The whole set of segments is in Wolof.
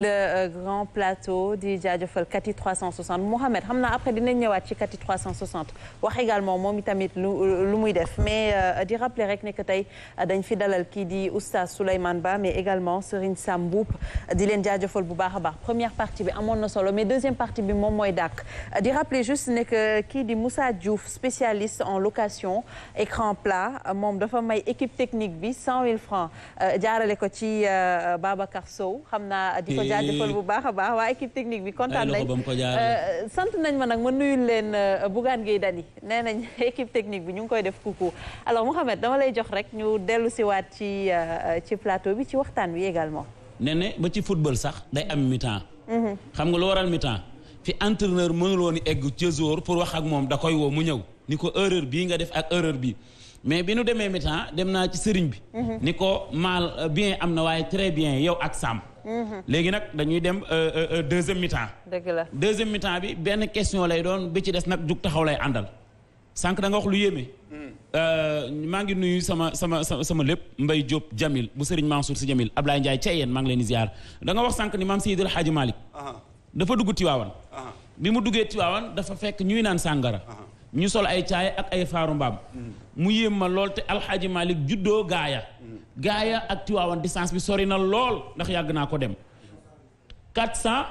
le euh, grand plateau di jaajëfal Kati 360 Mohamed xam naa après dinañ ñëwaat ci Kati 360 wax également moom itamit lu lu muy def mais euh, di rappeler rek ne que tey euh, dañ fi dalal kii di oustaz Souleymane Ba mais également Serigne Sam di leen jaajëfal bu baax a baax première partie bi amoon na solo mais deuxième partie bi moom mooy dàkk di rappeler juste ne que kii di Moussa Diouf spécialiste en location écran plat moom dafa may équipe technique bi 100 000 francs jaarale ko ci Babacar Sow xam naa jaajëfal bu baax a baax waa équipe technique bi kontaan nañ euh, sant nañ ma nag ma nuyul leen euh, Bougane Gueye Dany nee nañ équipe technique bi ñu ngi koy def coucou alors Mouhamed dama lay jox rek ñu dellu waat ci euh, ci plateau bi ci waxtaan bi également ne ne ba ci football sax day am mi-temps mhm. xam nga lu waral mi-temps fi entraîneur mënul woon egg ca jour pour wax ak moom da koy woo mu ñëw ni ko erreur bii nga def ak erreur bi mais bi nu demee mi temps dem naa ci sëriñ bi. Mhm. ni ko maal euh, bien am na waaye très bien yow ak Samb. Mhm. léegi nag dañuy dem euh, euh, deuxième mi-temps. dëgg la deuxième mi bi benn question lay doon bi ci des nag jug taxaw lay àndal sànq danga nga wax lu yéeme. Mhm. maa ngi nuyu sama sama sama lépp Mbaye Diop Jamil bu maam Mansour si Jamil Ablaye Ndiaye ca yéen maa ngi leen di ziar wax sànq ni maam Seydil Hadji maalik dafa dugg Tiwaawan. bi mu duggee Tiwaawan dafa fekk ñuy naan sàngara. ñu sol ay caay ak ay faaru mbaam. mu yéem ma lool te alxaaji Malick juddoo gaaya gaaya ak Tiwaawan distance bi sori na lool ndax yàgg naa ko dem quatre cent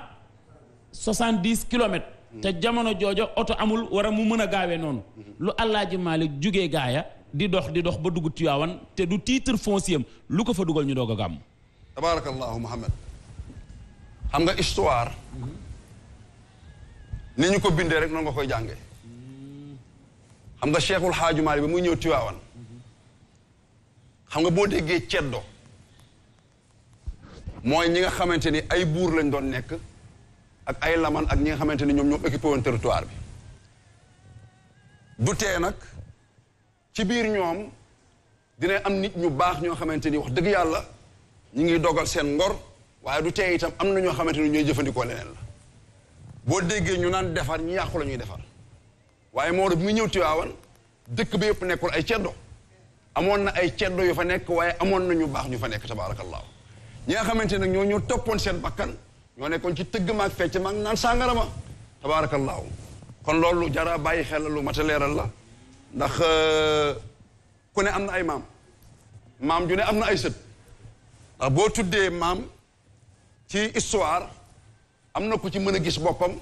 soixante-dix kilomètres te jamono joojo oto amul wara mu mën a gaawee noonu lu alxaaji Malick jugee gaaya di dox di dox ba dugg Tiwaawan te du titre foncier lu ko fa dugal ñu doog a gàmm tabaarakallaahu Muhammad xam nga histoire ni ñu ko bindee rek noonu nga koy jàngee xam nga Cheikhul Xaaju bi muy ñëw Tiwaawan xam nga boo déggee ceddo mooy ñi nga xamante ni ay buur lañ doon nekk ak ay laman ak ñi nga xamante ni ñoom ñoom occupé teritoire bi du tee nag ci biir ñoom dinañ am nit ñu baax ñoo xamante ni wax dëgg yàlla ñi ngi dogal seen ngor waaye du tee itam am na ñoo xamante ni ñooy jëfandikoo leneen la boo déggee ñu naan defar ñu yàqu la ñuy defar waaye Maodo bi mu ñëw Tiwaawan dëkk bi yëpp nekkul ay ceddo amoon na ay ceddo yu fa nekk waaye amoon na ñu baax ñu fa nekk tabaarakallaahu ñi nga xamante nag ñoo ñoo toppoon seen bakkan ñoo nekkoon ci tëgg maag fecc maag naan sàngara ma tabaarakallaahu kon loolu jara bàyyi xel lu mat a leeral la ndax euh, ku ne am na ay maam maam ju ne am na ay sët ndax boo tuddee maam ci histoire am na ku ci mën a gis boppam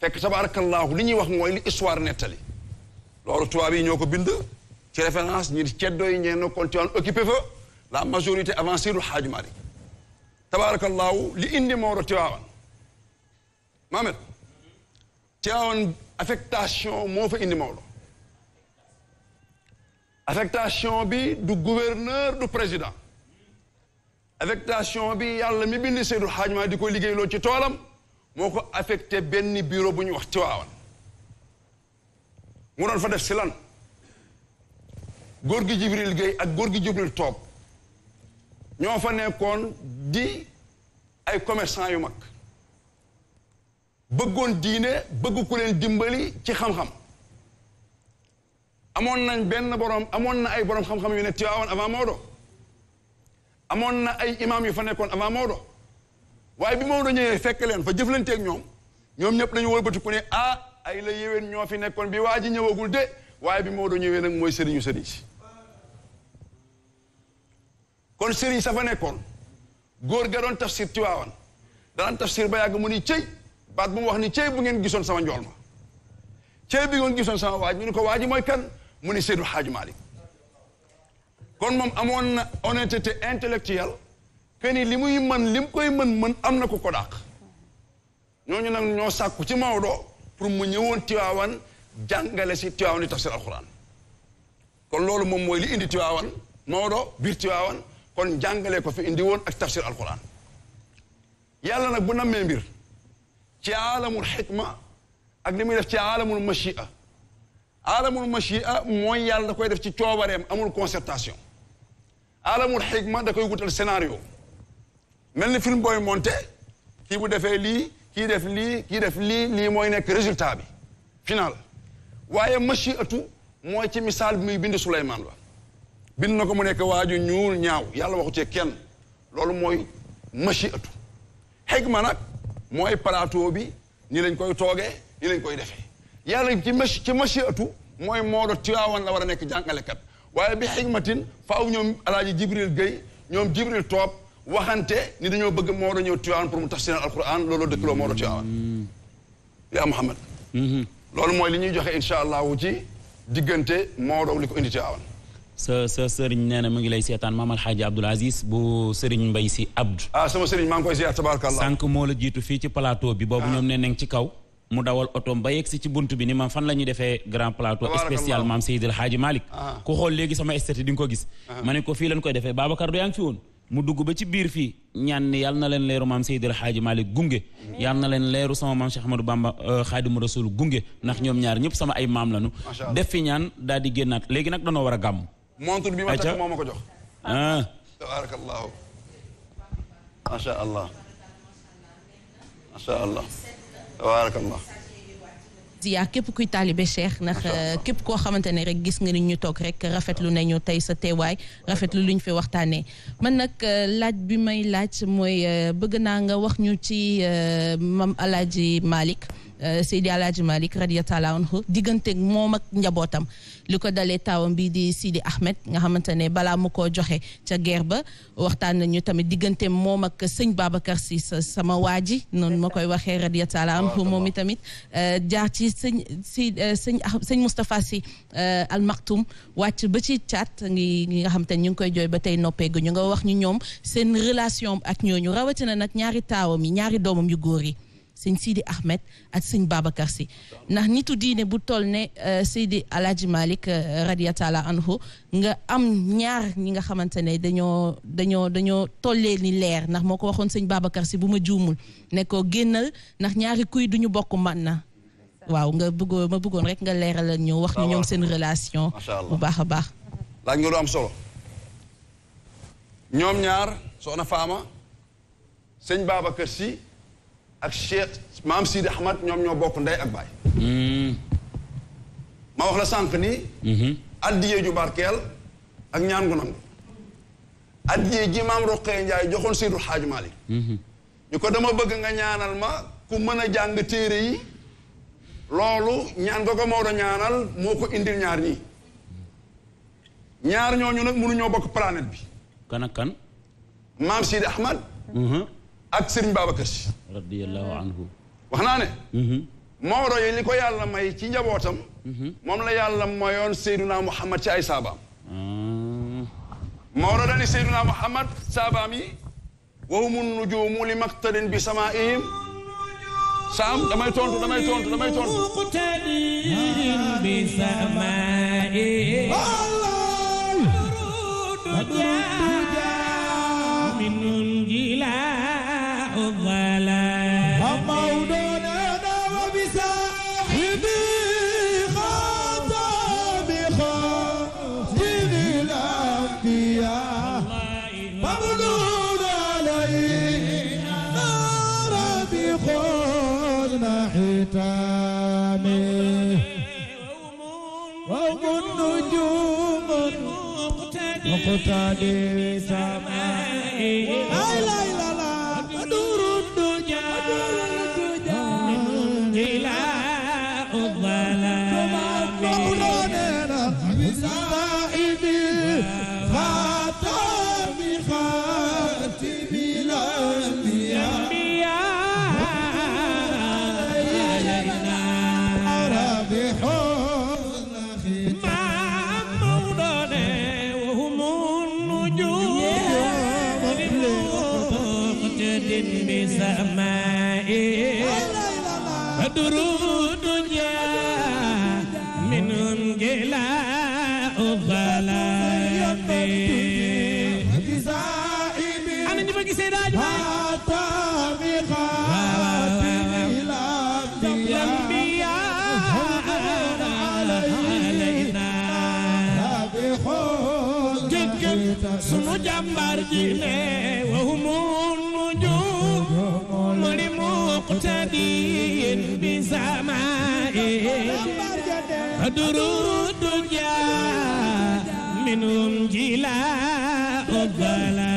fekk tabaarakallaahu li ñuy wax mooy li histoire nettali loolu tubaab ñoo ko bind ci référence ñi ceddo yi ñee nekkoon Tiwaawan occupé fa la majorité avancée du Xaaj Maalik tabaarakallaahu li indi Maodo Tiwaawan Maamet Tiwaawan affectation moo fa indi Maodo affectation bi du gouverneur du président affectation bi yàlla mi bind Seydul Xaaj Maalik di koy liggéeyloo ci toolam moo ko affecté benn bureau bu ñuy wax Tiwaawan mu doon fa def si lan góor gi Jibril Gueye ak góor gi Jibril Toog ñoo fa nekkoon di ay commerçant yu mag bëggoon diine bëgg ku leen dimbali ci xam-xam amoon nañ benn borom amoon na ay boroom xam-xam yu ne Tiwaawan avant Maodo amoon na ay imam yu fa nekkoon avant Maodo waaye bi Maodo ñëwee fekk leen fa jëflanteeg ñoom ñoom ñëpp dañu wëlbati ku ne ah ay la yéwén ñoo fi nekkoon bi waa ji ñëwagul de waaye bi Maodo ñëwee nag mooy seriñu sëriñ kon sëriñ sa fa nekkoon góor ga doon tafsir Tiwaawan daan tafsir ba yàgg mu ni cëy baat bu wax ni cëy bu ngeen gisoon sama njool ma cëy bi ngeen gisoon sama waaj ñu ni ko waaj mooy kan mu ni Seydou maali kon moom amoon na honnêteté intellectuelle que ni yi man mën li mu koy mën mën am na ko ko dàq ñooñu na ñoo sàkku ci Maodo pour mu ñëwoon Tiwaawan jàngale si Tiwaawan di tafsir alxuraan kon loolu moom mooy li indi Tiwaawan Maodo biir Tiwaawan kon jàngale ko fi indi woon ak tafsir alxuraan yàlla nag bu nammee mbir ci aalamul xikma ak li muy def ci aalamul machia aalamul machia mooy yàlla da koy def ci coobareem amul concertation aalamul xikma da koy wutal scénario mel ni film booy monté kii bu defee lii kii def lii kii lii lii mooy nekk résultat bi final waaye machi atu mooy ci misaal bi muy bind Souleymane Ba bind na ko mu nekk waaju ñuul ñaaw yàlla waxu ci kenn loolu mooy machi atu xeg ma nag mooy plateau bi ni lañ koy toogee ni lañ koy defee yàlla ci machi ci machi atu mooy Maodo Tiwaawan la war a nekk jàngalekat waaye bi xigmatin faaw ñoom alaaji Jibril Guèye ñoom Jibril toop waxante ni dañoo bëgg Maodo ñëw Tiwaawan pour mu tafsir alquran looloo dëkkloo Maodo Tiwaawan mm-hmm. yaa Muhammad mm-hmm. loolu mooy li ñuy joxe incha allahu ci diggante Maodo li ko indi Tiwaawan sa sa sëriñ nee na mu ngi lay seetaan maam alxaaji Abdoul Aziz bu sëriñ Mbay si Abdou. ah sama sëriñ maa ngi koy ziar moo la jiitu fii ci plateau bi. boobu ah. ñoom ne nañ ci kaw. mu dawal oto ba si ci bunt bi ni ma fan la ñuy defee grand plateau. spécial maam Seydil Xaaji Malick. Ah. ku xool léegi sama esthétique di ko gis. Ah. ma ko fii lañ koy defee Babacar du yaa ngi fi mu dugg ba ci biir fii ñaan ni na leen leeru maam Seydil Hadji Malick gunge yàlla na leen leeru sama maam Cheikh Ahmadou Bamba euh, Xaadimu Rasul gunge ndax ñoom ñaar ñëpp sama ay maam lañu def fi ñaan daal di génnaat léegi nag danoo war a gàmm montre bi ma takk moo ma ko jox ah, ah. tabarakallahu macha allah allah tabarakallah yaa képp kuy taalibe Cheikh ndax euh, képp koo xamante ne rek gis nga ni ñu toog rek rafetlu nañu tey sa teewaay rafetlu luñ fi waxtaanee man nag euh, laaj bi may laaj mooy euh, bëgg naa nga wax ñu ci mam Alaaji Malick Euh, Seydi Alhaji Malick radiyallahu anhu diggante moom ak njabootam li ko dalee taawam bii di Sidi Ahmed nga xamante ne balaa mu ko joxe ca guerre ba waxtaan nañu tamit diggante moom ak sëñ Babacar si sama waa ji noonu ma koy waxee radiyallahu anhu moom i tamit euh, jaar ci sëñ si euh, sëñ sëñ Moustapha si almaktum wàcc ba ci caat ngi nga xam ne ñu ngi koy jooy ba tey noppee gu ñu nga wax ñu ñoom seen relation ak ñooñu rawatina nag ñaari taawam yi ñaari doomam yu góor yi sëñ Sidi Ahmed ak sëñ Babacar Sy ndax nitu diine bu toll ne euh, Seydi Alhaji Malick euh, radiyallahu anhu nga am ñaar ñi nga xamante ne dañoo dañoo dañoo tollee ni leer ndax moo ko waxoon sëñ Babacar Sy bu ma juumul nekkoo génnal ndax ñaari kuy duñu bokk man na waaw nga bëggoon ma bëggoon rek nga leeralal ñu wax na ñoom seen relation ah, bu baax a baax laaj nga lu am solo ñoom ñaar soxna Faama sëñ Babacar ak Cheikh maam Sidi Ahmad ñoom ñoo bokk ndey ak baay. Hmm. ma wax la sànq ni. Hmm. addiyee ju barkeel ak ñaan gu nangu. addiyee ji maam Roqee Njaay joxoon Seydou Hadj Malick. ñu hmm. ko dama bëgg nga ñaanal ma ku mën a jàng téere yi. loolu ñaan nga ko Maodo ñaanal moo ko indil ñaar ñii. ñaar ñooñu nag mënuñoo bokk planète bi. kan ak kan. maam Sidi Ahmad. ak Serigne Babacar Sy. radiyallahu anhu. wax naa ne. Mhm. Maodo yi li ko yàlla may ci njabootam. Mhm. moom la yàlla mayoon Seydouna Muhammad ci ay saabaam. Ah. Maodo dani Seydouna Muhammad saabaam yi. wa humu nujuumu li maqtadin bi samaa'ihim. Saam damay tontu damay tontu damay tontu. من جلال Musa Dewi Sama sunu jàmbaar ji ne wa humun nujum li muqtadiin bi samaa'in جاء منهم جلاء الظلام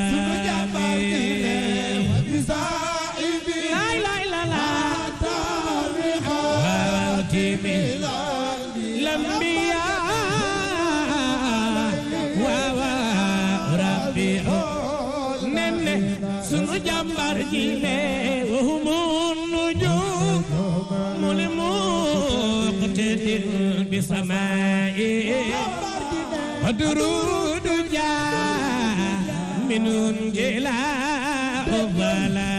درود جاء من جلاء بلا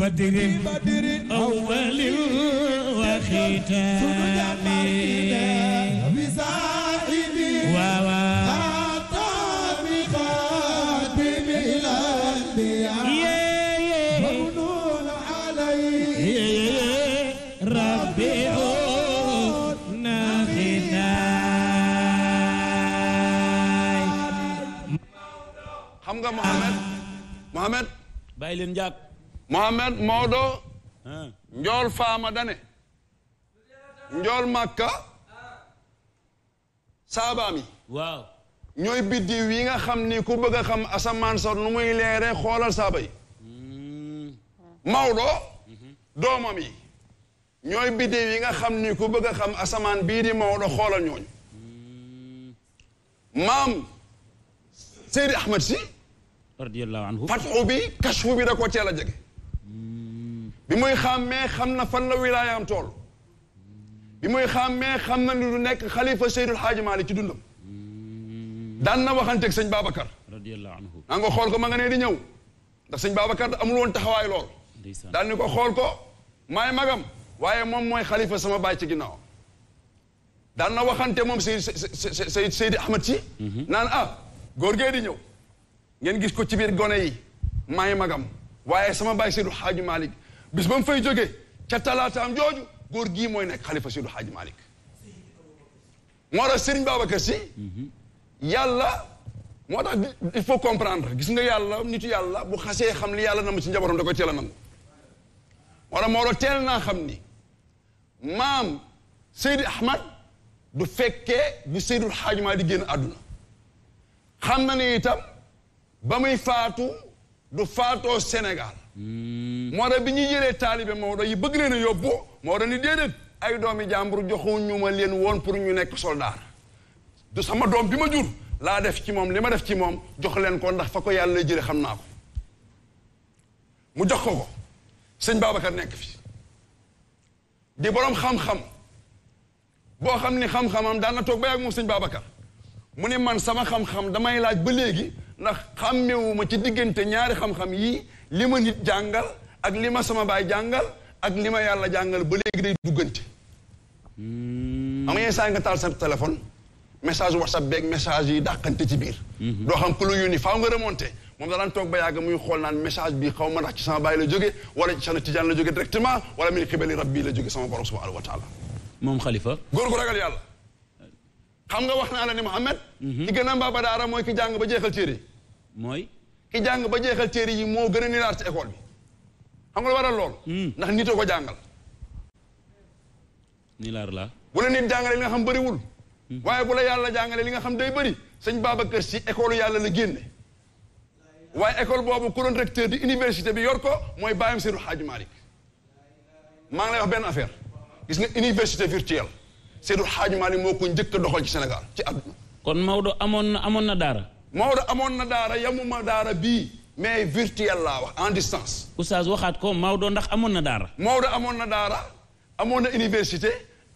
بدر أول وختام بسائد وخاتم خاتم الأنبياء ممنون عليه ربي xam nga Mohamed Mohamed bàyyi leen njàkk Mohamed Maodo njool faama dane njool màkka saabaam yi waaw ñooy biddiw yi nga xam ni ku bëgg a xam asamaan sa nu muy leere xoolal saaba yi hmm. Maodo mhm. doomam yi ñooy biddiw yi nga xam ni ku bëgg a xam asamaan bii di Maodo xoolal ñooñu hmm. maam Seydi Ahmed si radiyallahu anhu fatxu bi kashfu bi da ko teel a jege bi muy xàmmee xam na fan la wilaayaam tool bi xam xàmmee xam na ni lu nekk xalifa Seydul Xaaji Maalik ci dundam daan na waxanteeg sëñ Babacar radiyallahu anhu naa xool ko ma nga nee di ñëw ndax sëñ Babacar amul woon taxawaay lool daan ni ko xool ko maay magam waaye moom mooy xalifa sama baay ci ginnaaw daan na waxante moom Seyd Seyd Seydi Ahmad ci mhm. naan ah góor gee di ñëw ngeen gis ko ci biir gone yi maay magam waaye sama baay Seydul Xaaji Maalik bis ba mu fay joge ca talaataam jooju góor gii mooy nekk kalifa Seydi Hadji Malick moo tax Serigne Babacar Sy yàlla moo tax il faut comprendre gis nga yàlla nitu yàlla bu xasee xam li yàlla na mu ci njabootam da koy teel a nangu wala moo tax teel naa xam ni maam Seydi Ahmad du fekkee bu Seydi Hadji Malick di génn àdduna xam na ni itam ba muy faatu du faatoo Sénégal Hmm. moo tax bi ñuy jëlee taalibe Maodo yi bëgg leen a yóbbu a ni déedéet ay doomi jàmbur joxu ñu ma leen woon pour ñu nekk soldaar du sama doom bi ma jur laa def ci moom li ma def ci moom jox leen ko ndax fa ko yàlla jële xam naa ko mu jox ko ko sëñ Babacar nekk fi di boroom xam-xam boo xam ni xam-xamam daan na toog ba yàgg moom sëñ Babacar mu ne man sama xam-xam damay laaj ba léegi ndax xàmmewuma ci diggante ñaari xam-xam yii li ma nit jàngal ak li ma sama baay jàngal ak li ma yàlla jàngal ba léegi day duggante. Hmm. am na saa nga taal sa téléphone message whatsapp beeg message yi dàqante ci biir. Hmm. doo xam ku la yónni faaw nga remonté moom da daan toog yàgg muy xool naan message bi xaw ma ndax ci sama baay la jóge wala ci sama tijaan la jóge directement wala min xibali rabbi la jóge sama borom subhanahu wa taala. moom xalifa. góor gu ragal yàlla. xam nga wax naa la ni Mouhamed. Hmm. ki gën a mbaa ba daara mooy ki jàng ba jeexal téere. mooy. ki jàng ba jeexal téere yi moo gën a nilaar ci école bi xam nga lu waral lool. Hmm. ndax nitoo ko jàngal. nilaar la bu la nit jàngalee li nga xam bariwul hmm. waaye bu la yàlla jàngalee li nga xam day bëri sëñ Babacar si école yàlla la génne. waaye école boobu ku doon recteur di université bi yor ko mooy bàyyam Seydou Hadj Malick maa ngi lay wax benn affaire gis nga université virtuelle Seydou Hadj Malick moo ko njëkk doxal ci Sénégal ci àdduna. kon Maodo amoon na amoon na daara. Maodo amoon na daara yamuma daara bii mais virtuel laa wax en distance. oustaz waxaat ko Maodo ndax amoon na daara. Maodo amoon na daara amoon na université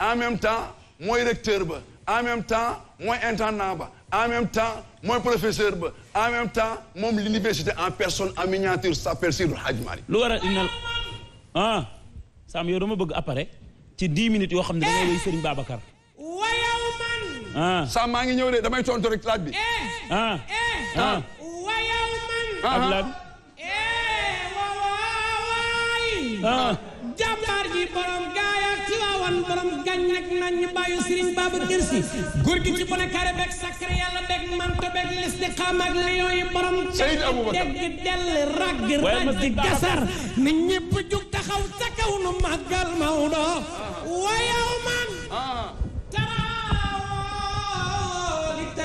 en même temps mooy recteur ba en même temps mooy intendant ba en même temps mooy professeur ba en même temps moom l'université en personne en miniature s'appelle Seydi Hadji Malick. a inal ah Sam yow dama bëgg appareil ci dix minutes yoo xam ne da ngay wéy Serigne Babacar. Ah. saa maa ngi ñëw damay tontu rek laaj bi. Eh, ah. Eh, ah. Eh, ah ah. wayaw man. ak lan. waawaay. jàmbaar ji borom gaay ak ci waawan borom gañ nag nañ ñu bàyyi Serigne Babacar Sy gi ci bone carré beeg sacré yàlla beeg manto beeg listiqaam ak lion yi borom ci dégg dell ragg ragg gasar na ñëpp jug taxaw sa kaw nu màggal Maodo wayaw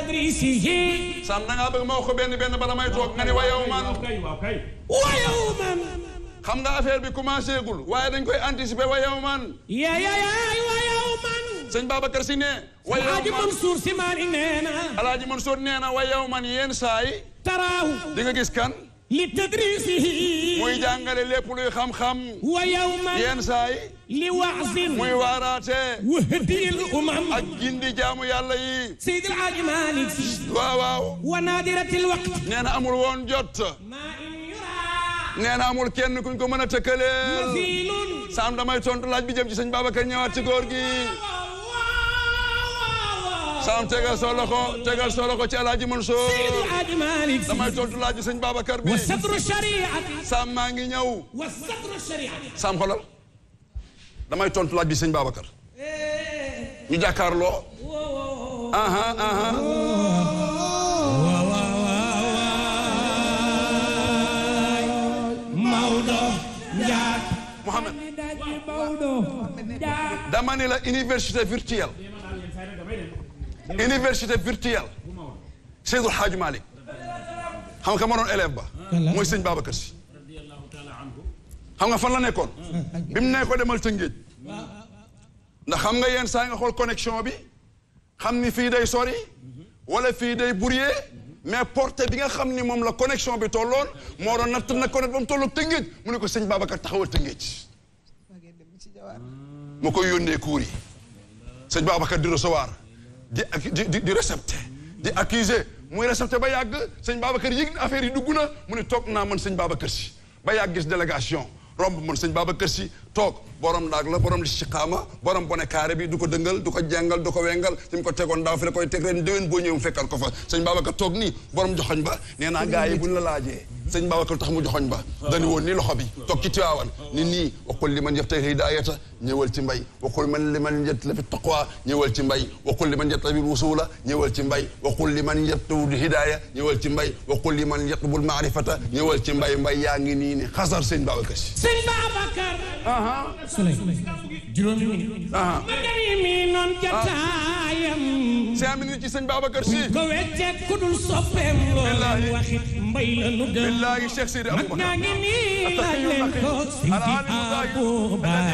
tadrisihi sam da ngaa bëgg ma wax ko benn benn bala may toog nga ne wayaw man wayaw man xam nga affaire bi commencé gul waaye dañ koy anticiper wayaw man yayayaay wayaw man sëñ Babacar si ne wayaw man Alaaji Mansour si maa ni nee na Alaaji Mansour nee na wayaw man yéen saa yi taraaw di nga gis kan li tadrisihi muy jàngale lépp luy xam-xam wayaw man yéen saa yi li waxsin muy waaraate wahdiyil umam ak gindi jaamu yàlla yi Seydil Maalik Si waaw wa naadiratil waqt nee amul woon jot nee na amul kenn kuñ ko mën a tëkkaleel saam damay tontu laaj bi jëm ci sëñ Babacar ñëwaat ci góor gi saam tegal soo loxo tegal soo ci alaaji Mansour damay tontu laaj bi sëñ Babacar bi saam maa ngi ñëw saam damay tontu laaj bi sëñ Babacar ñu jàkkaarloo aha aha Maodo Ndiaye Mohamed dama ne la université virtuelle université virtuelle Seydou Hadj Malick xam nga moo doon élève ba mooy sëñ si xam nga fan la nekkoon. bi mu ne ko demal Tëngéej. ndax xam nga yenn saa nga xool connexion bi xam ni fii day sori. wala fii day brouillé. mais porté bi nga xam ni moom la connexion bi tolloon moo doon natt na connect ba mu tolloog Tëngéej mu ne ko sëñ Babacar taxawal Tëngéej. mu koy yónnee kuur yi. sëñ Babacar di recevoir di di di récepté di accusé muy récepté ba yàgg sëñ Babacar yëg na affaire yi dugg na mu ne toog naa man sëñ Babacar si ba yàgg gis délégation. romb man sëñ Babacar Sy toog borom ndaag la borom listiqaama borom bone carré bi du ko dëngal du ko jàngal du ko wengal fi mu ko tegoon daaw fi la koy teg ren déwén boo ñëw fekkal ko fa sëñ Babacar toog nii borom joxoñ ba nee naa gars yi buñ la laajee sëñ Babacar tax mu joxoñ ba dani woon ni loxo bi toog ci tiwaawan ni nii waqul li man yëf tey hidaayata ñëwal ci mbay waqul man li man yet la fi taqwa ñëwal ci mbay waqul li man yet la fi wusula ñëwal ci mbay waqul li man yet la hidaaya ñëwal ci mbay waqul li man yet bul maarifata ñëwal ci mbay mbay yaa ngi nii ni xasar sëñ Babacar si sëñ Babacar ah. Souley juróomi minute. cinq minutes ci sëñ Babacar Sy. ko wecceeg ku dul soppeem lool waxit la nu gën. billaahi Cheikh Sidi Abou Bakar. mag naa ngi nii laaj leen ko. Sidi Abou Bakar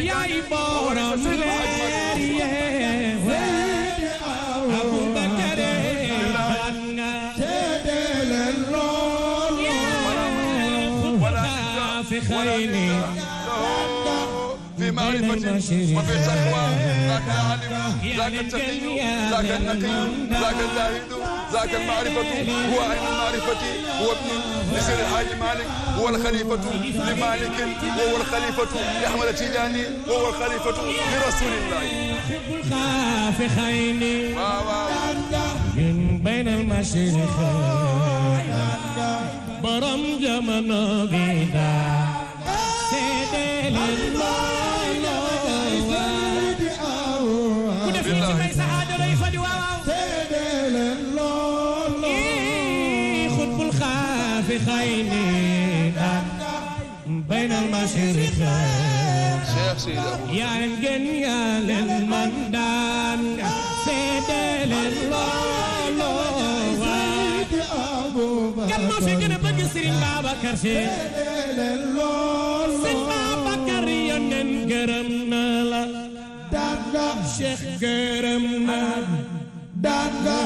yaay borom leer خيني في معرفتي وفي تقوى ذاك العالم ذاك التقي ذاك النقي ذاك الزاهد ذاك المعرفة هو عين المعرفة هو ابن لسير الحاج مالك هو الخليفة لمالك وهو الخليفة لأحمد التجاني وهو الخليفة لرسول الله حب الخاف خيني من بين المشرقين برم جمنا غيدا مشرقا يا نجن يا للمندان سيد للولو كان ما في جنة بقي سرين بابا كرشي سرين بابا كريا ننقرمنا لا دادا شيخ قرمنا دادا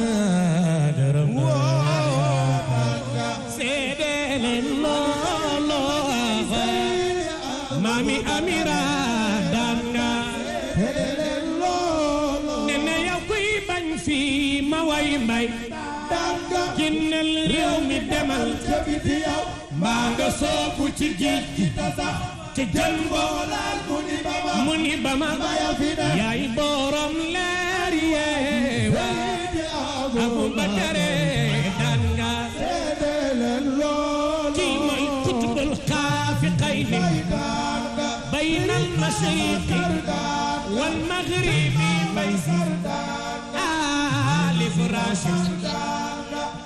maami amira daan nga xelelen loolo nene yow kuy bañ fii ma way mbay daan nga génnal réew mi demal ca biti yow mbaa nga soobu ci géej gi tasax te jël mboolaal mu ni ba ma mu ni ba ma yaay boroom leer yee abubakare daan nga xelelen loolo kii mooy kutubul xaafi xayni بين المشرق والمغرب آل فراش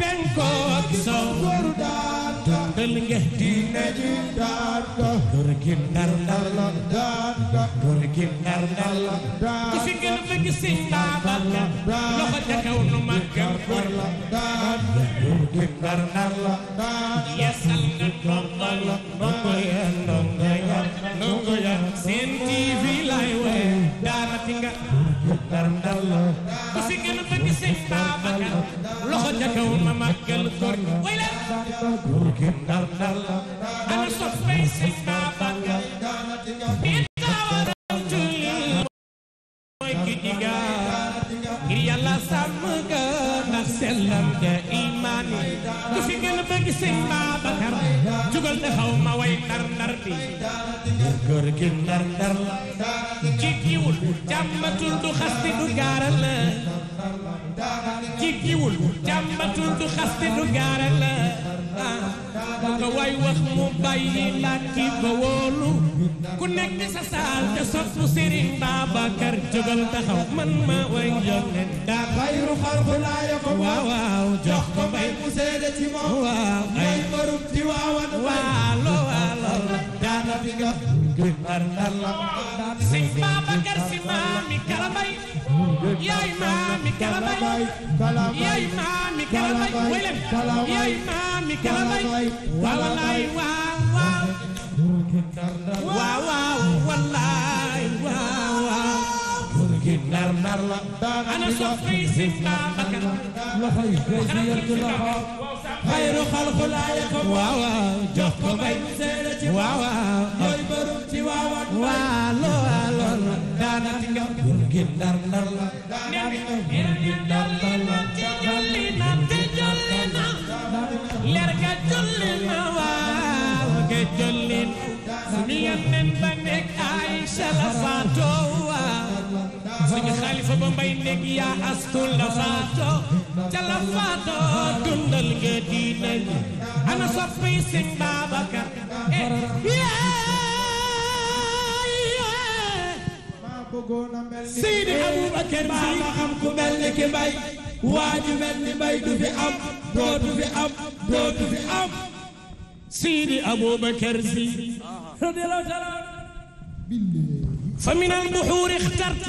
بنكوك سو دلنجه دينا دوركين دار دار دوركين دار دار كسين قلبك سين بابك لخدك ونمك دوركين دار دار يسألنا الله ربي الله ya seen TV lay wooye daanati nga daram dal la ku si a loxo ca kaw ma màggal góor way la burkin daram dal la ana soppay sëñ Babacar jàmbatul du xasti du xasti du gaaral la ah, lu ko way sëñ Babacar Si maami Kala Mbaye yaay maami Kala Mbaye yaay maami Kala Mbaye welem yaay maami Kala Mbaye waawalaay waaw waaw waaw waaw wallaay nar nar la ana sof fay sif la bakkan loxoy gëy yor ci loxo xayru xalqu laa yakon waaw jox ko bay seede ci waaw mooy borom ci waawan waa loo lool daana ci nga bur gi nar nar la bur gi nar nar la ci julli na te julli na leer ga julli na waaw ga julli na soba mbay nekk yaa astul la faato ca la faato dundal nga diine gi ana soppi sëñ Babacar eh, Seydi Aboubacar maa nga xam ku mel ni ki mbay waa ju mel ni mbay du fi am dootu fi am dootu fi am Seydi Aboubacar Si radiyallahu taala fa min al buxuur ixtart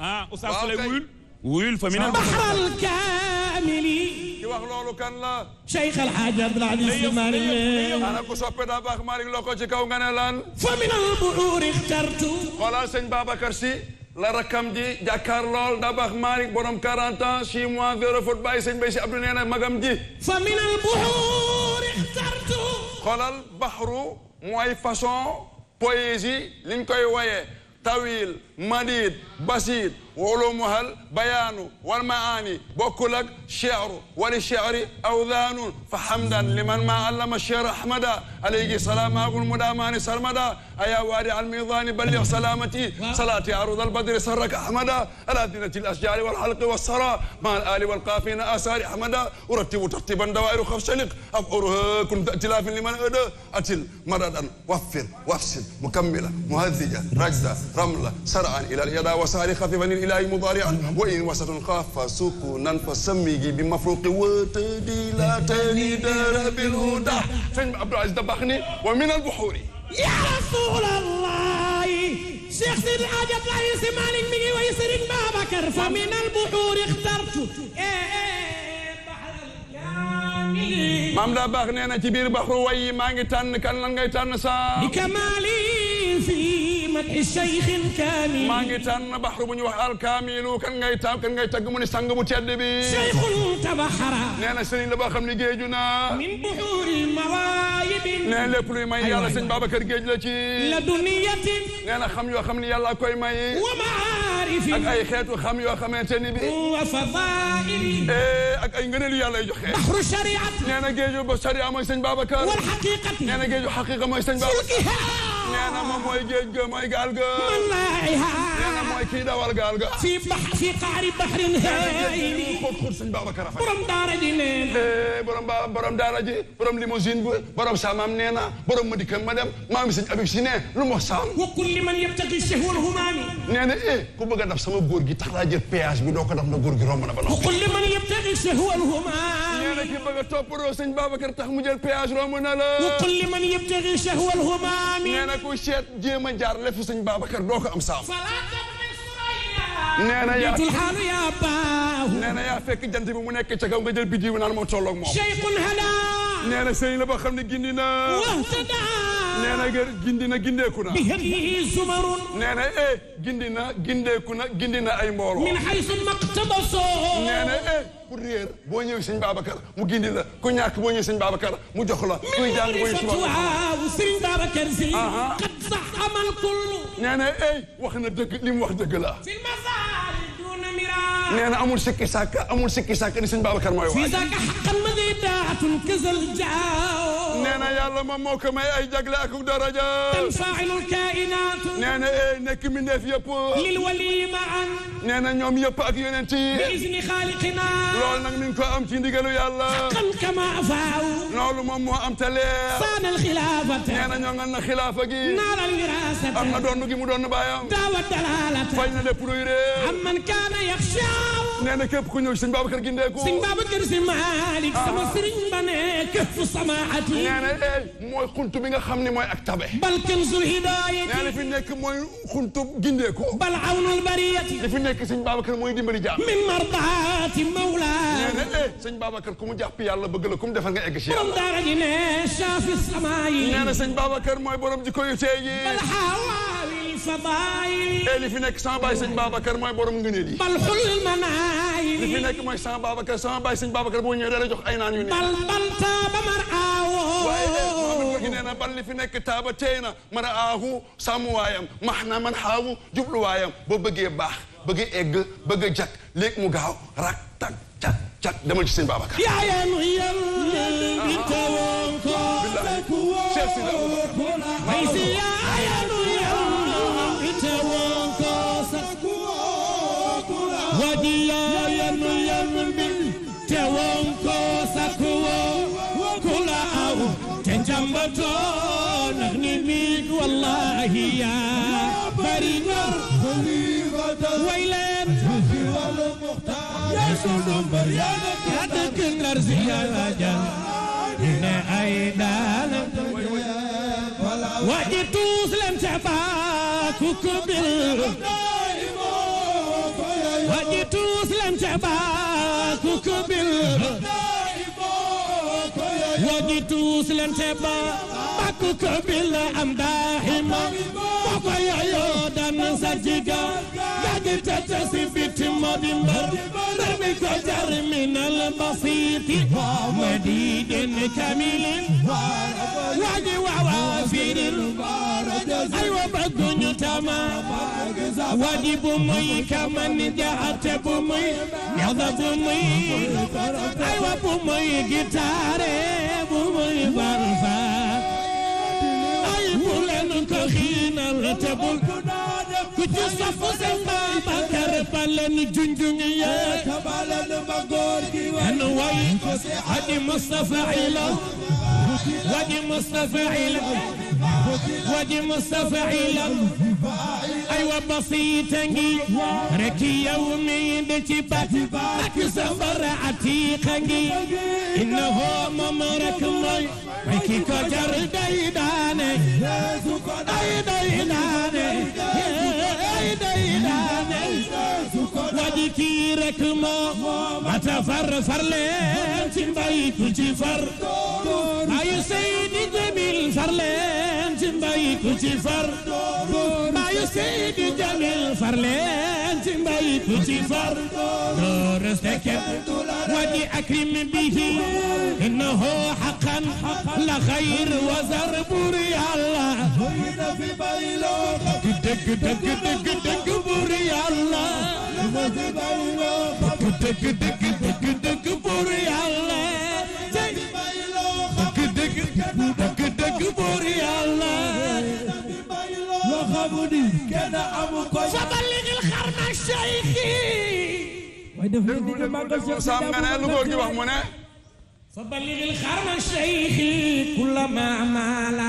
ah Oustaz Sule wuyul wuyul fa mi ne baxral kaamili ki wax loolu kan la Cheikh El Hadj Abdoul Aziz Malick ana ko soppe daa baax Malick loo ko ci kaw nga ne lan fa min al buur ixtartu xoolal sëñ Babacar Si la rakam ji jàkkaar lool daa baax Malick borom 40 ans 6 mois zéro faute bàyyi sëñ Bay Si Abdou nee na magam ji fa min al buur ixtartu xoolal baxru mooy façon poésie liñ koy woyee tawil madid basid وعلومها البيان والمعاني بوكلك شعر وللشعر أوذان فحمدا لمن ما علم الشعر أحمدا عليه سلام أقول مدامان سرمدا أيا وارع الميضان بلغ سلامتي صلاتي عروض البدر سرك أحمدا الأذنة الأشجار والحلق والسرى مع الآل والقافين آثار أحمدا أرتب ترتيبا دوائر خفشلق أبعرها كنت ائتلاف لمن أدى أتل مردا وفر وافسد مكملة مهذجة رجدة رملة سرعا إلى اليدا وساري خفيفا إلى الإله مضارعا وإن وسط خاف سكونا فسميه بمفروق وتدي لا تريد بالهدى سيد عبد العزيز دباخني ومن البحور يا رسول الله شيخ سيد الحاج عبد العزيز مالك ميغي ويسرين بابكر فمن البحور اخترت maam daa baax nee na ci biir baxru way maa ngi tànn kan lan ngay tànn saa. bi kamaali fii. madhi shaykhin kaamil maa ngi tànn baxru bu ñu wax alkaamilu kan ngay ta kan ngay tagg mu ni sang bu tedd bi shaykhun tabaxara nee na sëriñ la boo xam ni géeju na min buxuuril mawaayibi nee lépp luy may yàlla sëñ Babacar géej la ci la duniyatin nee na xam yoo xam ni yàlla koy may wa maarifi ak ay xeetu xam yoo xamante ni bi wa fadaili eh, ak ay ngëneelu yàlla y joxe baxru shariat nee na géeju ba sharia mooy sëñ Babacar wal xaqiqat nee na géeju xaqiqa mooy sëñ Babacar nee na moom mooy géej ga mooy gaal ga. nee na mooy kii dawal gaal ga. fii bax fii qaari baxrin hayli. xóot xóot sëñ Babacar Faye. borom daara ji nee na. Eh, borom ba borom daara ji borom limousine bi borom saamam nee na borom ma dikkal ma dem maa ngi sëñ Abib si ne lu mu wax saam. wa kulli man yabtaqi shahwal humaami. nee na eh ku bëgg a daf sama góor gi tax laa jël péage bi doo ko daf na góor gi romb na ba noppi. wa kulli man yabtaqi shahwal humaami. nee na ki bëgg a toppandoo sëñ Babacar tax mu jël péage romb na la. wa kulli man yabtaqi shahwal humaami. nee na ku négocier jéem a jaar lefu sëñ Babacar doo ko am saaf. nee na yaa nee na yaa fekk jant bi mu nekk ca kaw nga jël biddiw naan moo tolloog moom. nee na sëriñ la boo xam ne gindi naa. nee na gër gindi na gindeeku na. nee na eh gindi na gindeeku na ay mbooloo. nee eh ku réer boo ñëwee sëñ Babacar mu gindi la ku ñàkk boo ñëwee sëñ Babacar mu jox la. kuy jàng booy suba sëriñ kat sax amal kullu. nee eh wax na dëgg li mu wax dëgg la. nee na amul sikki sàkk amul sikki sàkk ni sëñ Babacar mooy waay. muridaatun kësal jaaw nee na yàlla moom moo ko may ay jagle ak daraja tanfailul kainaat nee na eh, nekk mi ndeef yëpp lil walima an nee na ñoom yëpp ak yonent yi bi isni xaaliqina loolu nag mi ngi ko am ci ndigalu yàlla xaqan kama faaw loolu moom moo am tale saanal xilaafata nee na ñoo ngan na xilaafa gi naalal wirasata am na doon gi mu doon baayam daawa dalalata fay na lépp luy réer amman kaana yaxsha nee na képp ku ñëw sëñ Babacar gindeeku. sëñ Babacar si Maalik. Ah. sama sëriñ ba ne këpp samaati. nee na eh, mooy xuntu bi nga xam ne mooy ak tabe. bal kanzul hidaayati. nee na fi nekk mooy xuntu gindeeku. bal awnul bariyati. li fi nekk sëñ Babacar mooy dimbali jaam. min mardaati mawla. nee na eh sëñ Babacar ku mu jàpp yàlla bëgg la ku mu nga egg si yàlla. borom daara mooy borom jikko yu tey fa bàyyi. et eh, li fi nekk sans bàyyi sëñ Babacar mooy borom ngëneel yi. bal xul ma naay. li fi nekk mooy sans Babacar sans bàyyi sëñ Babacar boo ñëwee dara jox ay naan yu ne. bal bal taaba mar aawoo. waaye nee na bal li fi nekk taaba tey na mar aahu sàmmuwaayam max na man xaawu jubluwaayam boo bëggee baax bëgg egg bëgg a jag léegi mu gaaw rak tak cat cat demal ci sëñ Babacar. yaa yaa dëkk Ndar si yàlla jàll ne ay daalam وجدت سلم شباككم وجدت سلم شباككم وجدت سلم شباككم ka bil am daahima papa yayo dan sa jiga yagi tete si fiti modi mbar remi ko jar min al basiti wa madidin kamilin wagi wa wafirin aywa bagunyu tama wadi bumuy kaman jahate bumuy nyada bumuy aywa bumuy gitare bumuy barfa xiinal te bul ku ci sopp sëñ Babacar baleen junjung yee en way adi Mustafa ila wadi Mustafa ila wadi Mustafa ila ay wa basiita ngi rek yow mi de ci bat ak safar atiqa ngi innahu moom rek mooy may ki ko daane day day daane day day daane waji kii rek moo mata far far leen ci mbay ku ci far ayu seydi jamil far leen ci mbay ku ci far ayu seydi jamil far leen ci mbay ku ci far doo akrim bihi innahu haqqan la xayr wa zarbur yàlla dëgg dëgg dëgg dëgg buur yàlla dëgg dëgg dëgg dëgg buur yàlla dëgg dëgg dëgg dëgg buur yàlla loo xamu ni kenn amu ko fa balligil xarna cheikhi way def ni ko magal cheikh sam nga ne lu góor gi wax mu ne fa balligil xarna cheikhi kullama amala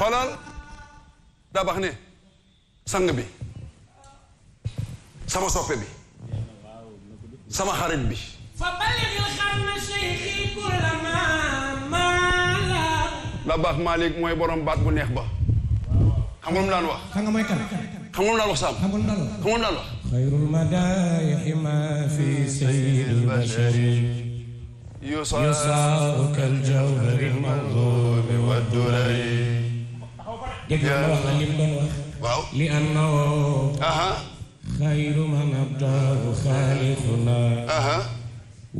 xolal dabax ne sang bi sama soppe bi sama xarit bi la baax Malick mooy borom baat bu neex ba xam nga lu mu daan wax xam nga mooy kan xam nga lu mu daan wax saam xam nga lu mu daan wax xam nga lu mu daan wax xayrul madaaixi ma fi sayyidil bashari yusaaru kal jawhari mawdubi wa durari dégg nga wax li mu doon wax waaw li annahu man abdaahu xaaliquna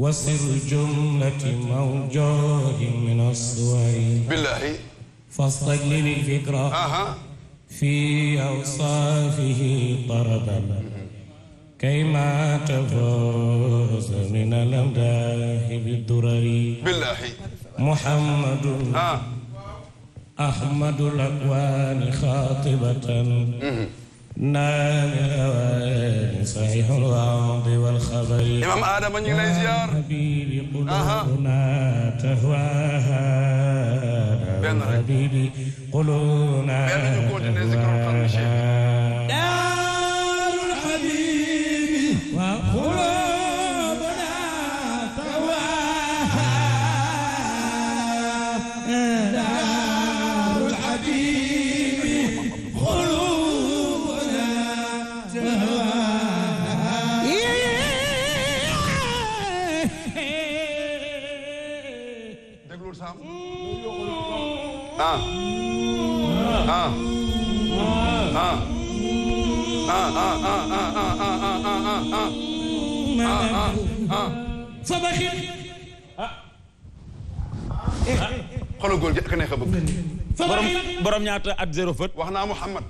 wasir jumlati mawjudi min aswari billahi fastajlil fikra fi awsaafihi taradan كيما تفوز من الأمداح بالدرر بالله محمد آه. أحمد الأكوان خاطبة نال الأوان صحيح الوعظ والخبر إمام آدم أن يزيار حبيبي قلوبنا تهواها حبيبي قلوبنا تهواها fa baxit xoolal góor gi ak neex wax naa Mouhamad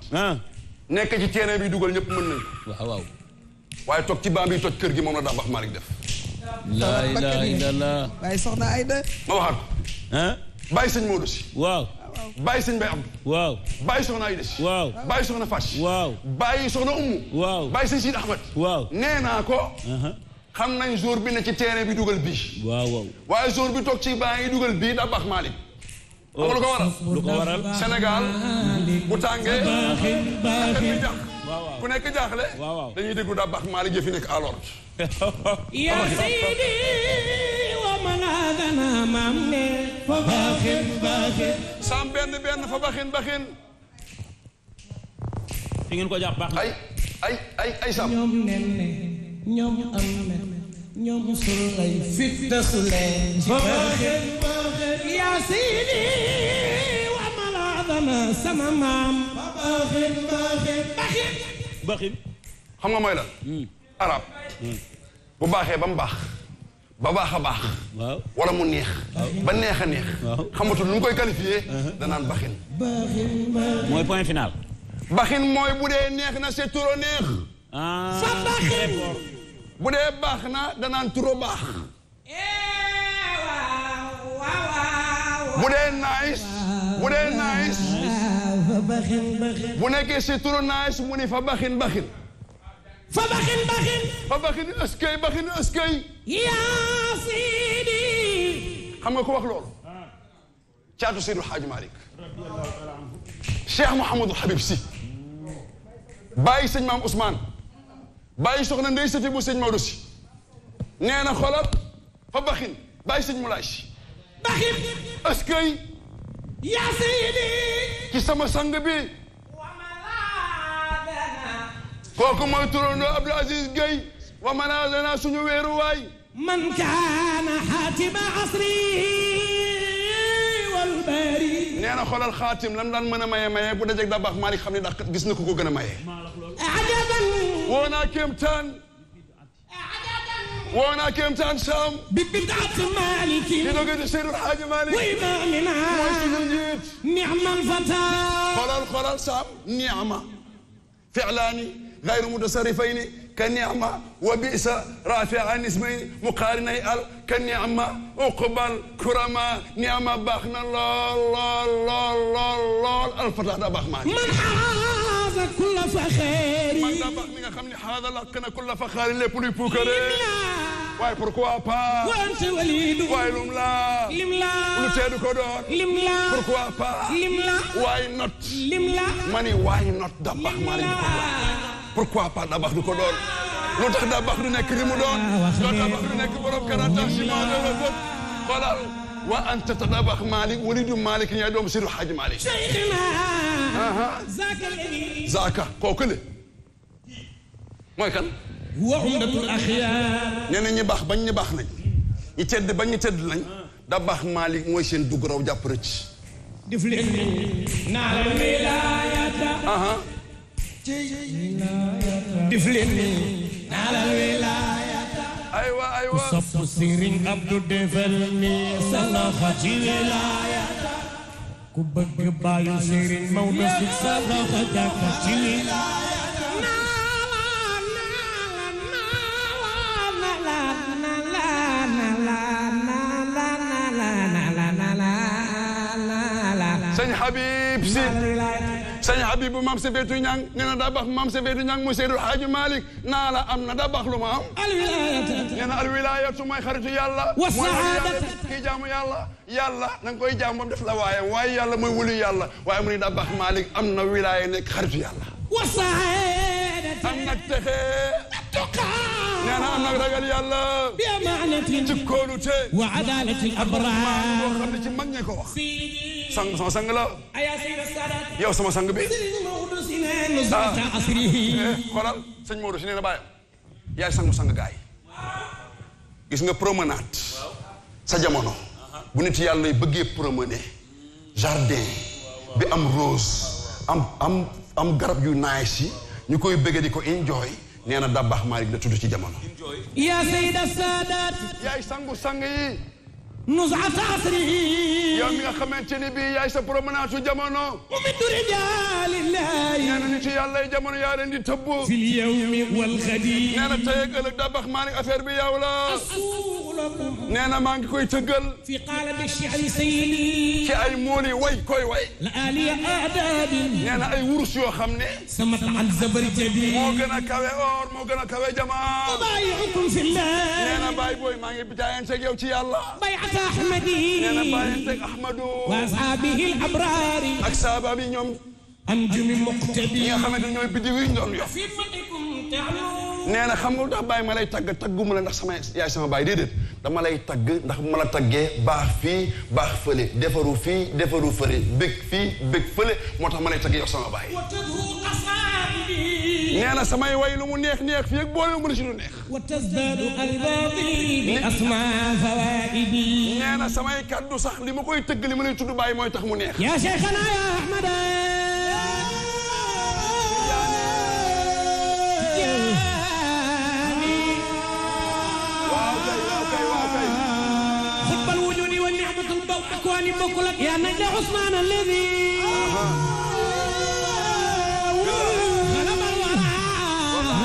nekk ci terrain bi dugal ñëpp mën nañ ko waaw waaw toog ci baam bi toj kër gi moom la daa bax Malick def laa ilaaha illallaah waaye soxna Ayda ma waxaat ko waaw bàyyi sëñ bay am waaw bàyyi na Aydes waaw bàyyi na Fass waaw bàyyi soxna Umu waaw bàyyi nee naa ko xam nañ jour bi na ci terrain bi dugal bi waaw waaw waaye bi toog ci baa ngi dugal bii da baax Malick xam nga lu ko waral oh. bu tàngee bi jàq ku nekk jaaxle dañuy déglu da baax Malick jëfi nekk alors malaadana maam ne fa baaxin baaxin saam benn benn fa baaxin baaxin fi ngeen ko jàpp baax ay ay ay ay saam ñoom nen ne ñoom am ne ñoom sul lay fitna su leen ci baaxin baaxin yaa siidi wa malaadana sama maam fa baaxin baaxin baaxin baaxin xam nga mooy lan hmm. arab hmm. bu baaxee ba mu baax ba baax a baax. wala mu neex. ba neex a neex. xamatul nu mu koy qualifié. danaan baxin. mooy point final. baxin mooy bu dee neex na c'est trop neex. sa baxin. bu dee baax na danaan trop baax. bu dee nice. bu dee nice. bu nekkee c'est trop nice mu ni fa baxin baxin. fa baxin baxin fa baxin askay baxin askay yaa sidi xam nga ko wax loolu caatu Seydou Hadj Malick Cheikh Mouhamadou Habib Sy bàyyi sëñ maam Ousmane bàyyi soxna Ndey Safi bu sëñ Maodo Sy nee na xolal fa baxin bàyyi sëñ Moulay Sy baxin askay yaa sidi ci sama sang bi kooku mooy turandoo Abdou Aziz Gueye wa manaazana suñu weeruwaay man kaana xaatima asri wal bari nee na xoolal xaatim lam daan mën a maye maye bu dajeg da baax Malick xam ne da gis na ko ko gën a maye ajaban woo naa kéemtaan woo naa kéemtaan saam bi bidaat Malick di doge di Seydul Xaaji Malick wa imaamina mooy suñu njiit niamal fata xoolal xoolal saam niama filaani غير متصرفين كالنعمة وبئس رافع اسمين مقارني ال كالنعمة اقبل كرما نعمة باخنا لول لول لول لول لول الفتح ده باخ معاك من حاز كل فخير من ده باخ ميغا خمني حاز لقنا كل فخير لي بولي بوكري waaye pourquoi pas. wante walidu. waaye lum laa. lim laa. lu tee du ko doon. lim laa. pourquoi pas. lim laa. why not. lim laa. ma ne why not da baax maa leen di ko baax. pourquoi pas Dabax du ko doon lu tax Dabax du nekk li mu doon ah, lu tax Dabax du nekk borom karanta si maa doon la bopp xoolal wa anta ta Dabax Malick walidu Malick ñooy doom Seydi Hadji Malick Zaka kooku le mooy kan wa umdatul axyaar nee na ñu baax bañ ñu baax nañ ñu tedd bañ ñu tedd nañ Dabax Malick mooy seen dugg raw jàpp rëcc def leen naa la wilaayata diflini alal wilayata aywa aywa sopp Serigne Abdou defal ni sa loxo ci wilayata ku bëgg baayu Serigne Maodo si sa loxo jàkka ci wilayata sëñ Habib Si sañ habibu mam se feetu ñang nee na daa baax mam se feetu ñang mu seydul haaji malik naa la am na daa baax lu ma na xaritu yàlla mooy kii jaamu yàlla yàlla na nga koy jaam bam la waayam waaye yàlla mooy wulu yàlla waaye mu daa baax malik am na wilaya nekk xaritu yàlla am nag texe nee na am na ragal yàlla. bi amaanatin ci kóolute. sëñ Maodo si nee na nga promenade. sa jamono. bu nit yàlla yi bëggee promener. jardin. am am garab yu naay si. ñu koy bëgg di ko enjoy. nee na Dabakh Malick da tudd ci jamono. yaa sayda saadaat. yaay sangu sang yi. nusata asrihi. yow mi nga xamante ni bii yaay sa promenade su jamono. umitu rijaalillahi. nee na nit yàlla jamono yaa leen di tëbbu. fil yawmi wal xadi. nee na tey ak ëllëg Dabakh Malick affaire bi yow la. nee na maa ngi koy tëggal fi qaalati shi'ri sayli ci ay mooni way koy way la aliya aadabin nee ay wurus yoo xam ne samat al zabarjabi moo gën a or moo gën a kawe jamaa ubayiukum fillah nee na baay booy maa ngi jaayanteeg yow ci yàlla bayata ahmadi nee na baayanteeg ahmadu wa ashaabihi al abrari ak saaba bi ñoom anjumi muqtabi ñi nga xamante ñooy biddi wi ñu doon yof nee na xam nga lu tax bàyyi ma lay tàgg tàgguma la ndax sama yaay sama baay déedéet dama lay tagg ndax ma la taggee baax fii baax fële defaru fii defaru fële bég fi bég fële moo tax ma lay tagg yow sama baay nee na samay way lu mu neex neex fii ak boole mu ne si lu neex. wa tazdaadu albaabi bi asmaa sax li ma koy tëgg li ma lay tudd bàyyi mooy tax mu neex. yaa Cheikhana yaa Ahmada. Ousmane yi bokkul ak yaa nañ la Ousmane alladi xalamal wala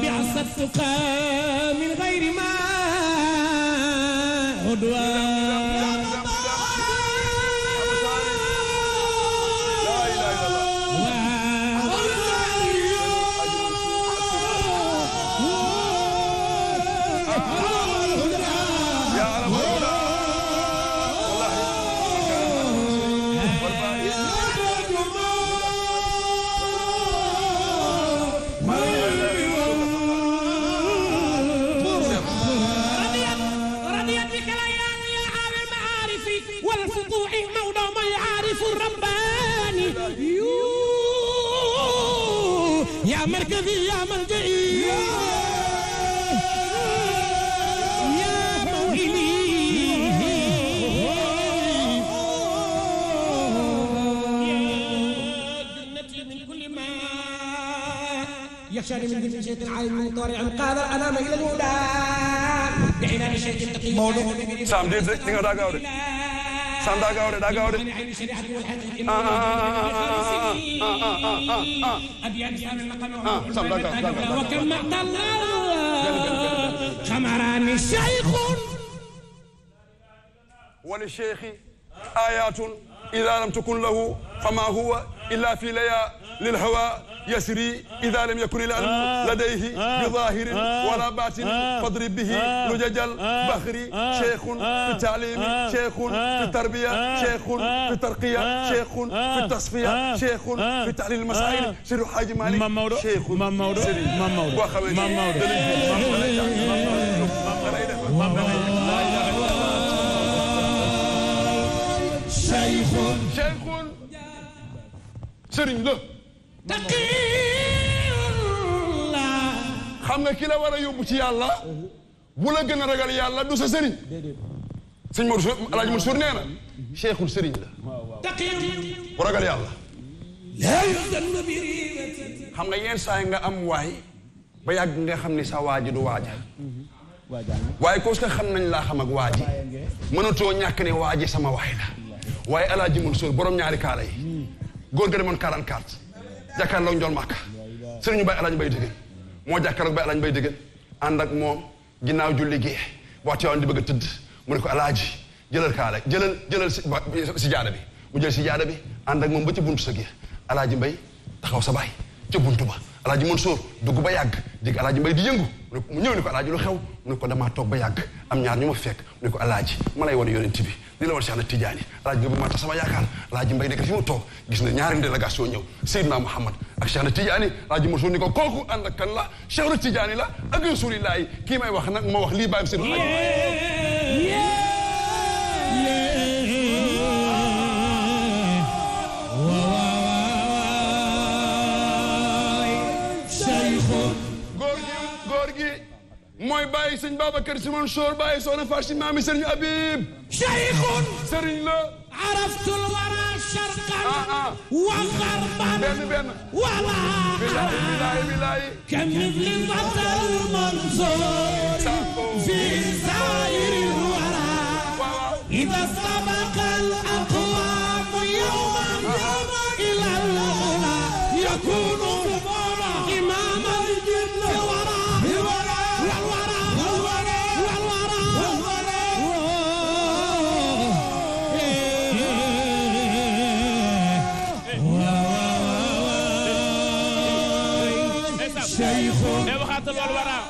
bi asat شيخ عالم مطارع قال أنام إلى الهدى دعنا لشيخ تقي موضوع سام دي دي دا غاو دي سام دا غاو دي دا غاو دي أبيان سام اللقم سام دا غاو وكم اعتلى خمران شيخ وللشيخ آيات إذا لم تكن له فما هو إلا في ليا للهواء yasri ida lam yakun il ilmu ladayhi bi zahirin wala batin fadrib bihi lujajal bahri cheikhun fi taalimi cheikhun fi tarbiya cheikhun fi tarqiya cheikhun fi tasfiya cheikhun fi tahlil masail Seydi Haaji Malik Mam Maodo Mam Maodo Mam Maodo Mam Maodo Serigne la xam nga ki la war a yóbbu ci yàlla bu la gën a ragal yàlla du sa sëriñ sëñ Mor Alaaji Mansour nee na cheikhul sëriñ la bu ragal yàlla xam nga yenn saa yi nga am waay ba yàgg nga xam ni sa waaji du waaja waaye ko xam nañ laa xam ak waaji mënatoo ñàkk ne waaji sama waay la waaye Alaaji Mansour borom ñaari kaala yi góor ga demoon 44 jàkkaarloog njool màkk sëriñu bay alañ bay dëggan moo jàkkaarloog bay alañ bay dëggan ànd ak moom ginnaaw julli gee waa Tiwaawan di bëgg a tëdd mu ne ko alaaji jëlal kaale jëlal jëlal si jaada bi mu jël si jaada bi ànd ak moom ba ci buntu sa giir alaaji mbay taxaw sa baay ca bunt ba alaaji Mansour dugg ba yàgg jég alaaji mbay di yëngu mu ñëw ni ko alaaji lu xew mu ne ko damaa toog ba yàgg am ñaar ñu ma fekk mu ko alaaji ma lay wane yonent bi di la wan Cheikh na Tidiane alaaji nga ma tax sama yaakaar alaaji mbay fi mu toog gis na ñaari délégation ñëw Seydina Mouhamad ak Cheikh na Tidiane alaaji Mansour ni ko kooku ànd ak kan la Cheikh na Tidiane la ak Rasulillah kii may wax nag ma wax lii bàyyam seen mooy bàyyi sëñ Babacar Si Mansour bàyyi soxna Fatou maami sëriñ Habib. Cheikhun. sëriñ la. araftul wara sharqan. Ah, ah. wa gharban. benn benn. wala. bilaay bilaay bilaay. kamifli matal Mansour. fi zahiri wara.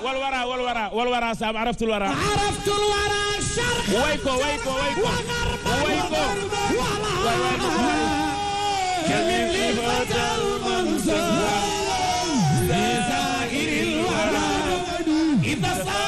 والورى والورى والورى سام عرفت الورى عرفت الورى شرق ويكو ويكو ويكو ويكو كلمة المنصور لسائر الورى إذا صار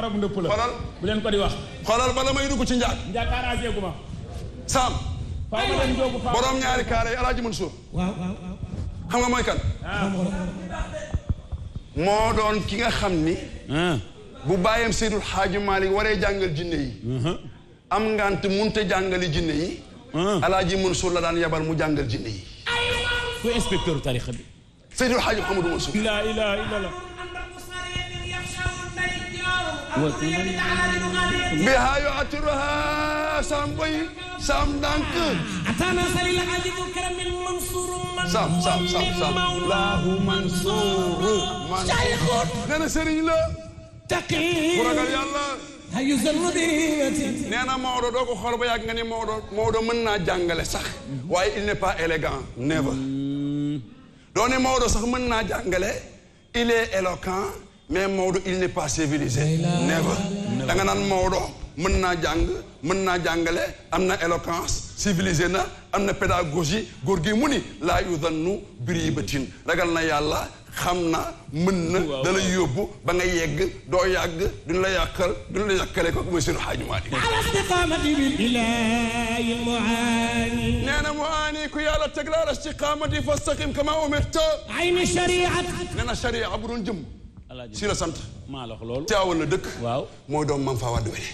Arab ndëpp la. xoolal bu leen ko di wax. xoolal bala may dugg ci njaag. njaag gu ma. Saam. borom ñaari kaare yi El Hadj Mansour. waaw waaw waaw. xam nga mooy kan. Ah. moo doon ki nga xam ni. Ah. bu bàyyam Seydul Xaaji Maalik waree jàngal jinne yi. Uh-huh. am ngant munte jàngali jinne yi. Uh-huh. la daan yabal mu jàngal jinne yi. ku inspecteur tarixa bi. Seydul بها يعترها سام بي سام دانك أتانا سليل عجب كرم المنصور سام سام سام سام الله منصور شيخ أنا سريل تقي ورقل يالله nee na Maodo doo ko xool ba yàgg nga ni Maodo Maodo mën naa jàngale sax waaye il n'est pas élégant never hmm. doo ne Maodo sax mën naa jàngale il est éloquent mais Maodo il n'est pas civilisé. never da nga naan Maodo mën naa jàng mën naa jàngale am na éloquence civilisé na am na pédagogie góor gi mu ni laa yudannu biribatin ragal na yàlla xam na mën na da la yóbbu ba nga yegg doo yàgg duñ la yàqal duñ la yàqale ko mooy seen xaaju maani nee na mu aani ku yàlla teg la ala istiqaamati fastaqim kama umirta nee na sharia bu doon jëm si la sant maa la wax loolu teewal la dëkk waaw mooy doom mam faa wàddu wele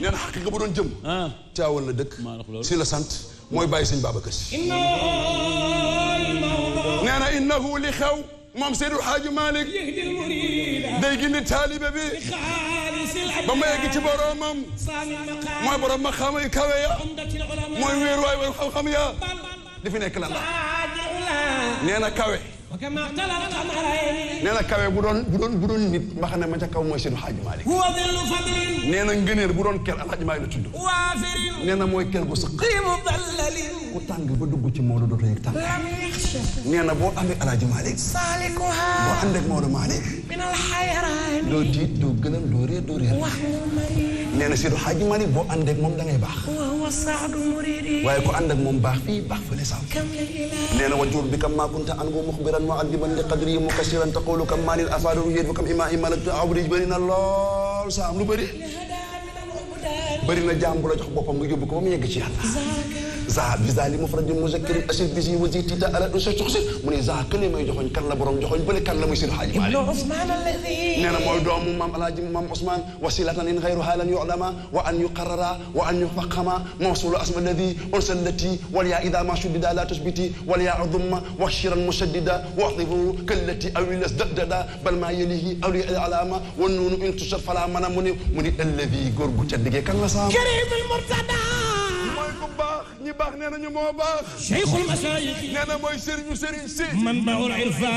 neen xaqiqa ba doon jëm ah. teewal la dëkk maa la wax loolu si la sant mooy bàyyi sëñ Babacar Si nee na innahu li xew moom Seydou Hadji Malick day gindi taalibe bi ba ma yegg ci boromam mooy borom ma xam yu kawe ya mooy wéeruwaay war xam-xam ya dafi nekk la la nee na kawe nee na kawe bu doon bu doon bu doon nit mbaxana ma ca kaw mooy seen a Maalik nee na ngëneel bu doon kel alxaaji Maalik la tudd nee na mooy kel bu sëq ku tàng ba dugg ci Maodo dootoo yëg tàng. nee na boo amee El Hadj Malick. boo ànd ak Maodo Malick. doo tiit doo gëlëm doo réer doo réer. nee na Seydou Hadj Malick boo ànd ak moom da ngay baax. waaye ku ànd ak moom baax fii baax fële sax. nee na wajur bi kam maa kunta an bu muxbiran wa adiban li qadri mukasiran taqulu kam maalil afaadu ruyet bu kam imaa imalatu awrij bëri na lool sa am lu bëri. bëri na jaam bu la jox boppam nga yóbbu ko ba mu yegg ci yàlla. za visa li mu faraj muzakkir ashir bi ji waji tita ala du shach shach mu ne za kële may joxoñ kan la borom joxoñ bële kan la muy sir xaaji Maalik ibnu Usmaan alladi nee na mooy doomu maam alaaji maam Usmaan wasilatan in xayru haalan yu'lama wa an yuqarrara wa an yufaqama mawsulu asma alladi ursallati wal yaa ida ma shuddida la tusbiti wal yaa adumma wa shiran mushaddida wa atifu kallati aw lasdadada bal ma yalihi aw li alama wa nuunu in tushar fala mana mu ne mu ne alladi góor gu ca diggee kan la saa ku baax ñi baax nee nañu moo baax cheikhul masaayix nee na mooy sëriñu sëriñ si man baul irfan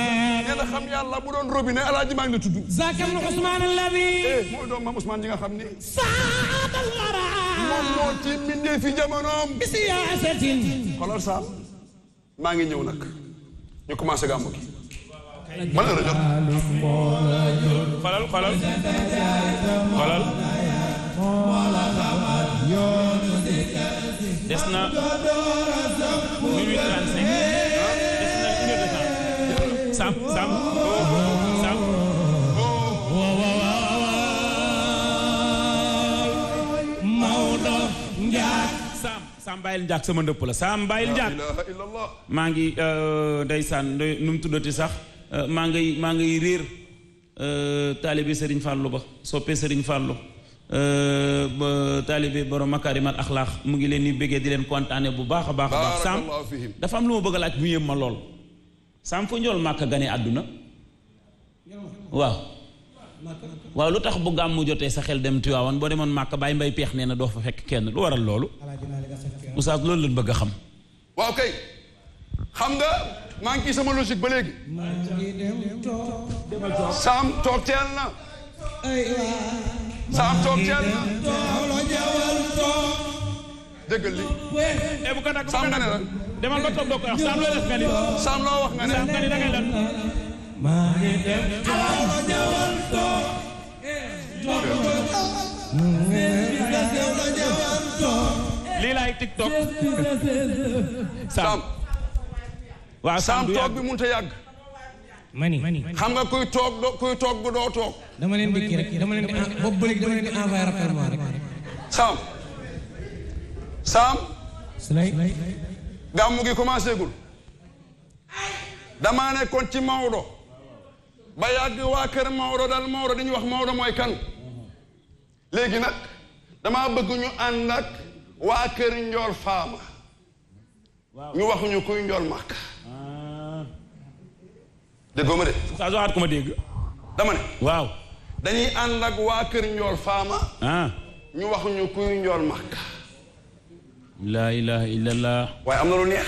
nee na xam yàlla bu doon robinet alaaji maa ngi la tudd zakam na ousmane alladi eh, mooy doom maam ousmane ji nga xam ni saadal mara moom moo ci mbindee fi jamonoom bi siyaasatin xoolal saam maa ngi ñëw nag ñu commencé gàmmu gi man la jot xolal xolal xolal des na minute trente cinq ah, des na une sam sam sam Maodo Ndiak sam sam bàyyil sama ndëpp la sam bàyyil Ndiak maa ngi euh, ndeysaan nu mu tuddati sax euh, maa ngi maa ngi réer euh, taalibe Serigne Fallou ba soppe sëriñ Fallou Euh, taalibe borom makaarimal axlaax mu ngi leen di bëggee di leen kontaane bu baax a baax a baax saam dafa am lu ma bëgg a laaj mu yëm ma lool saam fa njool màkk gane àdduna waaw waaw lu tax bu gàmmu jotee sa xel dem Tiwaawan boo demoon màkk bàyyi mbay peex nee na doo fa fekk kenn lu waral loolu oustaz loolu lañ bëgg a xam waaw kay xam nga maa sama logique ba léegi saam toog teel na saam toog ceen dëggal li saam demal ba toog doo ko wax saam loo def nga ni saam loo wax nga ne saam nga ni dangay bi mënut a yàgg mani xam nga kuy toog doo kuy toog bu doo toog. dama leen di kii rek dama leen di boobu ba léegi dama leen di envoyé rappel moi rek. Saam. Saam. Sulay. gàmmu gi commencé gul. damaa nekkoon ci Maodo. ba yàgg waa kër Maodo daal Maodo dañuy wax Maodo mooy kan. léegi nag damaa bëgguñu ñu nag ak waa kër Njool Faama. ñu waxuñu kuy Njool Màkk. déggoo ma de. saa waaw. dañuy ànd waa kër Njool Faama. Ah. ñu wax ñu kuy Njool Makka. laa ilaha illallah. waaye am na lu neex.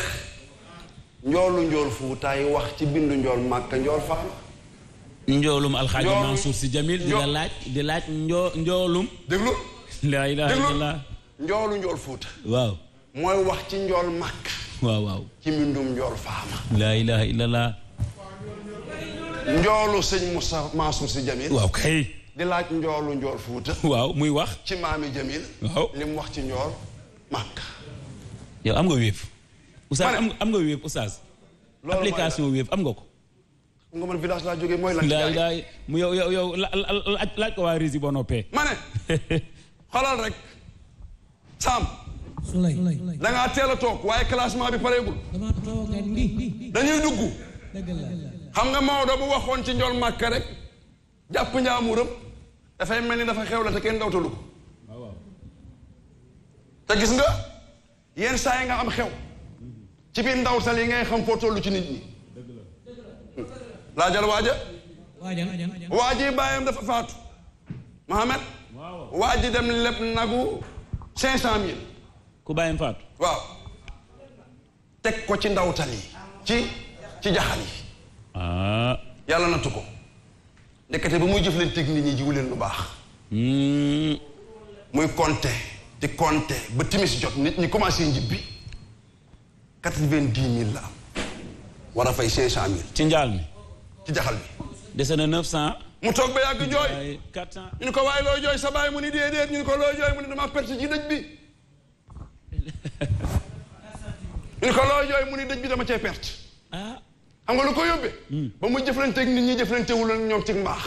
njoolu njool fuutaay wax ci bindu njool màkk njool faam njoolum alxaaji Mansour si Jamil di laaj di laaj njoo njoolum déglu laa ilaha illallah njoolu njool fuuta waaw mooy wax ci njool màkk waaw waaw ci mbindum njool faama laa ilaha illallah njoolu sëñ Moussa Mansour si Jamil waaw kay di laaj njoolu njool Fuuta waaw muy wax ci maami Jamil waaw wax ci njool Màkka yow am nga wéef oustaz nga wéef oustaz application wéef am nga ko nga man village mooy laaj laaj mu yow yow yow laaj ko waa rési boo noppee rek saam da ngaa a toog waaye classement bi pareegul dañuy dugg xam nga Maodo bu waxoon ci njool màkka rek jàpp njaamuram dafay mel ni dafa xew la te kenn dawtalu te gis nga yenn saa yi nga am xew ci biir ndawtal yi ngay xam foo tollu ci nit ñi laajal waaja waa ji bàyyam dafa faatu Mohamed waa ji dem leb nagu cinq cent mille ku bàyyam faatu waaw teg ko ci ndawtal yi ci ci jaxal ah. yàlla nattu ko ndekete ba muy jëflanteeg nit ñi jiwu leen lu baax. Hmm. muy compter di compter ba timis jot nit ñi commencé njibbi quatre-vingt-dix mille la am war a fay cinq cent ci njaal mi. ci jaxal bi. dese na neuf cent. mu toog ba yàgg jooy quatre cent. ñu ne ko waaye looy jooy sa baay mu ni déedéet ñu ne ko looy jooy mu ni dama perte ci dëj bi. ñu ne ko looy jooy mu ni dëj bi dama cee perte. Ah. xam nga lu ko yóbbee. Hmm. ba mu jëflanteeg nit ñi jëflantewul ak ñoom ci mbaax.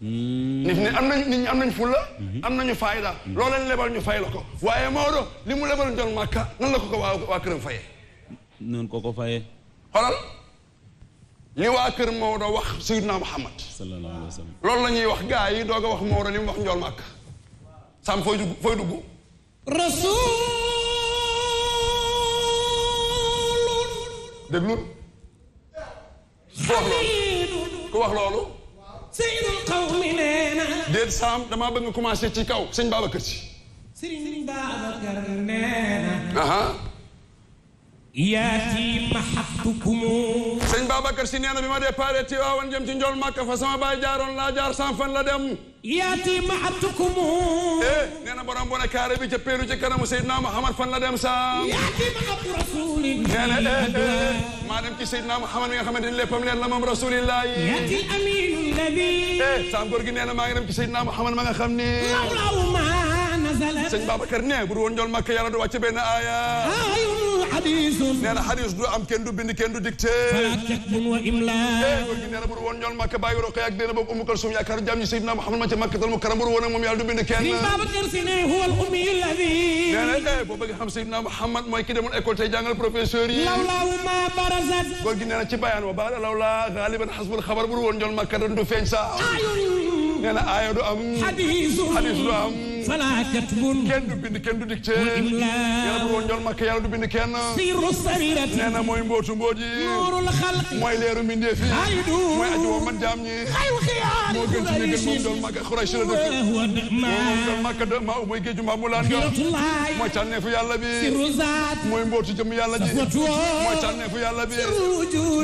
Hmm. nit ñi am nañ ni ñi am nañ fulla hmm. am nañu fayda loo leen lebal ñu fay la ko waaye Maodo li mu lebal njoon màkka nan la ko ko waa waa këram fayee noonu ko ko fayee xoolal li waa moodo wax Seydina Muhammad sallallahu alayhi loolu la ñuy wax gaa yi a wax Maodo li mu wax njool màkka sam fooy dugg fooy dugg ku wax loolu ku wax loolu sayyidul qawmi nee na déet saam damaa bëgg nga commencé ci kaw sëñ Babacar Si sëriñ Babacar nee na yaati mahabtukumu sëñ Babacar si nee na bi ma déparé ci waawan jëm ci njool Màkka fa sama baay jaaroon laa jaar san fan la dem yaati mahabtukumu eh nee na borom bu ne kaare bi ca péeru ci kanamu Seydina Muhammad fan la dem sam yaati mahabtu rasulillah nee na eh, eh, eh maa dem ci Seydina Muhammad mi nga xamante ni léppam leer la moom rasulillah yi yaati al-amin alladi eh sam góor gi nee na maa ngi dem ci Seydina Muhammad ma nga xam ni sëñ Babacar ne bu woon ñool makk yàlla du wàcc benn aaya nee na hadis du am kenn du bind kenn du dicté nee na bu woon ñool makk bàyyi roqe ak dina boobu umu kalsum yaakaar jàmm ñi Seydina Muhammad ma ca makkatal mukarram bu woon ak moom yàlla du bind kenn nee na boo bëgg xam Seydina Muhammad mooy ki demoon école tey jàngal professeur yi góor gi nee na ci bayaan wa baala lawla galiban xasbul xabar bu woon ñool makk du feeñ sa nee na aaya du am hadis du am falaa katbun kenn du bind kenn du dicté yàlla bu woon ñool makk yàlla du bind kenn siru sarirati nee na mooy mbootu mboot yi nuurul xalq mooy leeru mbindeef yi xalidu mooy aji woo man jaam ñi xayu xiyaar moo gën ci ñi moom ñool makk xuraysh la dëkk moom ñool makk da maa mooy géeju maa mulaan nga mooy tànneefu yàlla bi siru zaat mooy mbootu jëm yàlla ji mooy tànneefu yàlla bi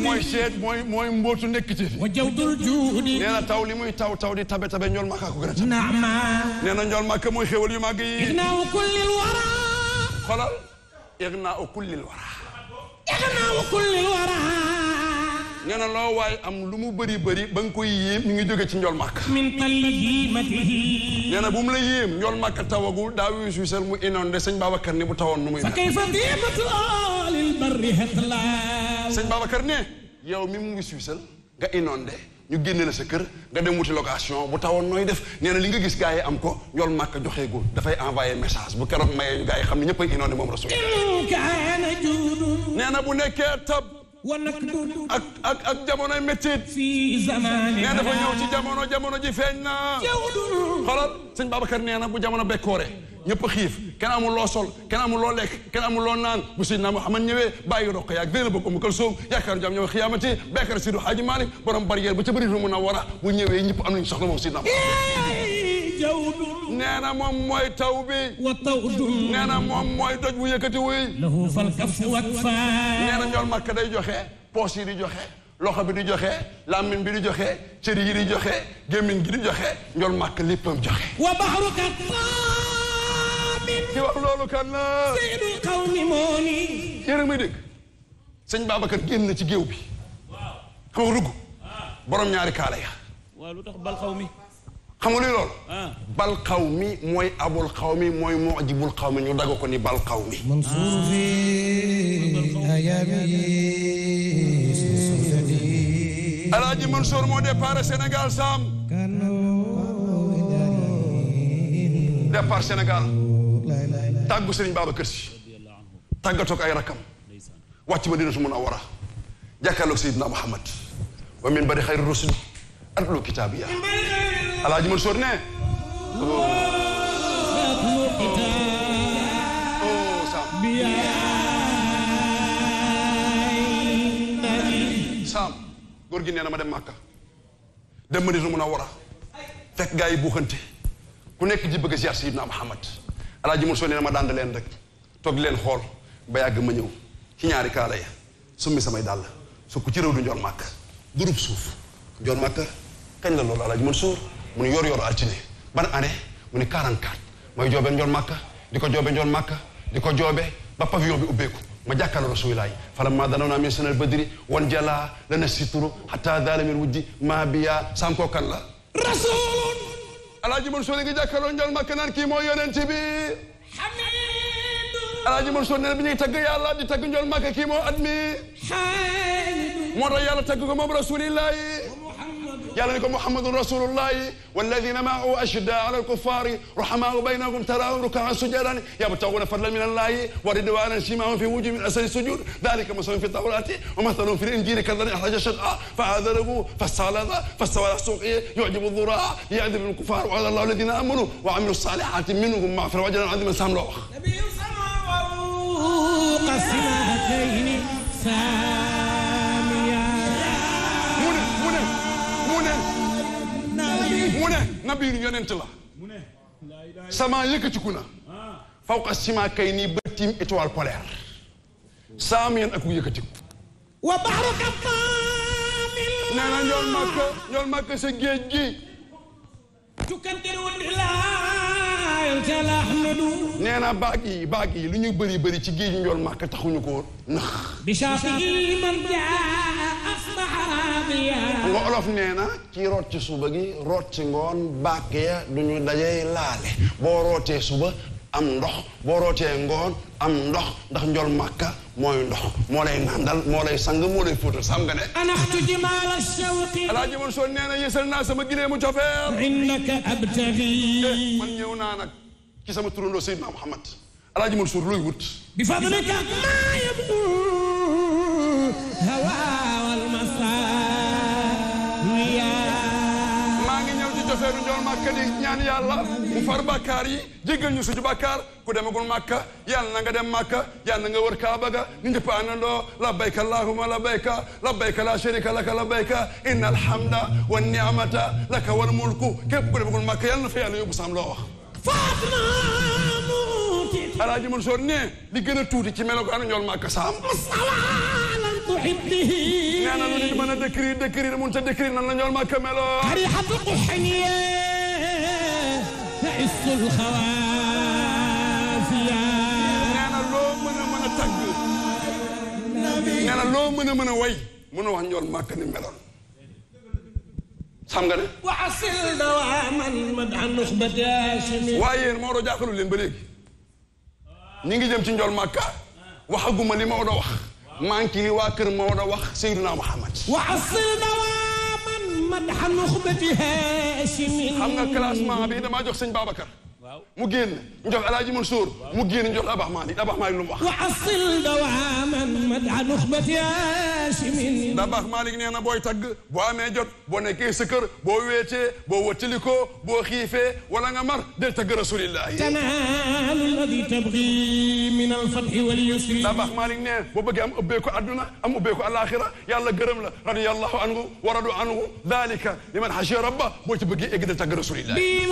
mooy seet mooy mooy mbootu nekk ci wa jawdul juudi nee na taw li muy taw taw di tabe tabe ñool makk ko gën a tabe nee na ñool makk mooy xéwal yu màgg yi. ignaaw kullil wara. xoolal. ignaaw loo waaye am lu mu bëri bari ba nga koy yéem mi ngi jóge ci njol màkk. min talihimatihi. nga ne bu mu la yéem njol màkk tawagul daa wiy suy sel mu inondé sëñ Babacar ne bu tawoon nu muy. fa kayfa diibatu alil barri hatla. sëñ Babacar ne yow mi mu ngi suy sel nga inondé. ñu génne na sa kër nga dem wuti location bu tawoon nooy def nee li nga gis gars yi am ko ñool joxee joxeegul dafay envoyé message bu keroog mayee ñu gars yi xam ne ñëpp ay inondé moom rasul nee na bu nekkee tab ak ak jamonoy méttit nee dafa jamono jamono ji feeñ na xolal sëñ Babacar nee na bu jamono bekkoore ñëpp xiif kenn amul loo sol kenn amul loo lekk kenn loo naan bu Seydina na ñëwee bàyyi roq yaag dina bëgg Umu Kalsum yaakaaru jàmm ñëw xiyaamati béykar Seydi Haaji Maalik borom barrière ba ca bëri mun a war a bu ñëwee ñëpp am nañu soxla moom Seydina nee na moom mooy taw na moom mooy doj bu yëkkati wuy. lahu fal kafu wak faa. nee na ñool makka day joxe poos yi di joxe loxo bi di joxe làmmiñ bi di joxe cër yi di joxe gémmiñ gi di joxe ñool makka léppam joxe. wa ki wax loolu kan la. Seydou xaw mi moo nii. yéen a may dégg sëñ Babacar génn na ci géew bi. koo rugg borom ñaari kaala ya. waaw lu tax bal xaw mi. xam nga luy loolu. Ah. bal xaw mi mooy abul xaw mi mooy moo ajibul xaw mi ñu daga ko ni bal xaw mi. Mansour bi ayami. Alaaji Mansour moo départ Sénégal Sam. départ Sénégal. tàggu sëriñ Babacar Si tàggatoog ay rakam ma wàcc Madinatu Munawwara jàkkaarloog Seydina Muhammad wa min bari xayri rusul atlu kitaabiya alaaji Mansour ne saam góor gi nee na ma dem Màkka dem Madinatu Munawwara fekk gaa yi buuxante ku nekk ji bëgg a ziar Seydina Muhammad alaaji Mansour nee na ma dànd leen rek toog leen xool ba yàgg ma ñëw ci ñaari kaala ya summi samay dàll su ku ci réew du njoor màkk durub suuf njoor màkk kañ la loolu alaaji Mansour mu ne yor-yor altine ban année mu ne 44 mooy joobe njoor màkk di ko joobe njoor màkk di ko joobe ba pavillon bi ubbeeku ma jàkkaarloo rasulilaay falammaa danoonaa min sanal badri wan jalaa lana situru xataa daala min wujdi maa biyaa saam koo la alaaji Mansour ngi jàkkaarloo njal màkk naan kii mooy yonent bi alaaji ma nee na bi ñuy tagg yàlla di tagg njal màkk kii moo at mi moo tax yàlla tagg ko moom rasulillah yi yàlla ni ko muhammadun rasulullahi walladina maahu ashidda ala alkuffari rahamaau baynahum taraahum rukaan sujadan yabtaguna fadlan min allahi wa ridwanan simahum fi wujuhi min asari sujud dalika masalum fi tawrati wa masalum fi linjili kadani ahraja shada faadarahu fasalada fastawa ala suqihi yujibu duraa yadilu lkufar waada allahu alladina amanu wa amilu salihati minhum magfira wa ajran azima sam loo wax nabiir yonent la sama yëkkatiku na ah. fawqa sima kay nii ba tiim étoile polaire saameen ak yëkkatiku wa baxru kafaamil nee na ñool màkk ñool màkk sa géej gi nee na baag yi baag yi lu ñuy bëri bëri ci géej njool màkk taxuñu ko nax nga olof nee na ki root ci suba gi root ci ngoon bàkk ya du ñu dajey laale boo rootee suba am ndox boo rootee ngoon am ndox ndax njol màkka mooy ndox moo lay nàndal moo lay sang moo lay fóotal sam nga ne anaxtu jimaal shawqi alaa soo nee na yësal naa sama gilee mu eh, ñëw naa nag ci sama turandoo Seydina Muhammad alaa jëman suur looy wut bi fadlika maa yabdu ñu doon màkka di ñaan yàlla mu far bàkkaar yi jéggal ñu suñu bàkkaar ku demagul màkka yàlla na nga dem màkka yàlla na nga wër kaaba ga ñu njëpp àndandoo labbayka allahumma labbayka labbayka la sharika laka labbayka inna alhamda wa ni'mata laka wal mulku képp ku demagul màkka yàlla na fa yàlla yóbbu sam loo wax alaaji Mansoor ne li gën a tuuti ci melokaanu njool màkka saam حريحة حبه نانا لوني مانا دكري دكري مونتا دكري نانا نيول ما كملو حريحة قحنية تعص الخوافية نانا لو مانا مانا تاج نانا لو مانا مانا وي مانا وان نيول ما كني ملون xam nga ne. waasil dawaaman madan nuxbati Haashimi. waaye yéen Maodo jaaxalul leen ba léegi. ñi ngi jëm ci njool Màkka waxaguma li Maodo wax. maa ngi waa kër Maodo wax Seydina Muhammad wa asil dawaman madhan nuxbati haashimin xam nga classement bi damaa jox sëñ Babacar mu génn ñu jox alaaji Mansour mu génn ñu jox abax maalik abax maalik lu mu wax wa asil dawaman mada nuxbati haashimin dabax maalik nee na booy tagg boo amee jot boo nekkee sa kër boo weetee boo wëttalikoo boo xiifee wala nga mar del tagg rasulillahi tanaalu alladi tabgi min alfatxi wal yusri dabax maalik nee boo bëggee am ubbeeku adduna am ubbeeku alaxira yàlla gërëm la radiyallahu anhu wa radu anhu dalika liman xasiya rabba boo ci bëggee egg del tagg rasulillahi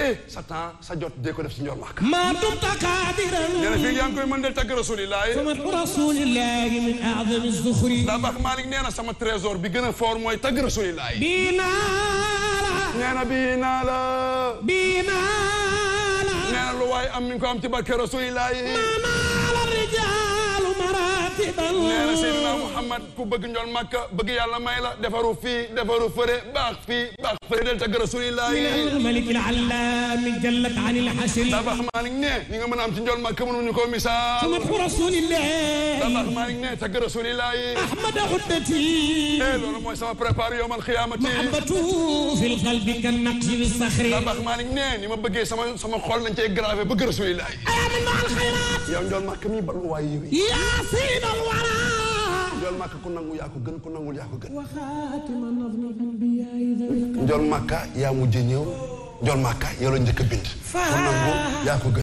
eh sa ta sa jot dee def si njor maak maa dumta kaadiran nee na koy mën del tagg rasulillahi famat rasulillahi min aadami zuxri daa baax Malick nee na sama trésor bi gën a fort mooy tagg rasulillahi bii naa la nee na am mi ko am ci barke neena Seydina Muhammad ku bëgg njool Makka bëgg yàlla may la defaru fii defaru fëre baax fii baax fëre del tagg rasulillahi tabax Malik ne ñi nga mën a am ci njool Makka mënuñu ko misaal tabax Malik ne tagg rasulillahi ahmada xuddati e eh, loolu mooy sama prépare yowm alxiyamati tabax Malik ne ni ma bëggee sama sama xol nañ cee gravé bëgg rasulillahi yow njool Makka mi baluwaay yi xayril wara njool màkka ku nangu yaa gën ku nangul yaa ko gën njool màkka yaa mujj ñëw njool màkka yow la njëkk bind ku nangu yaa gën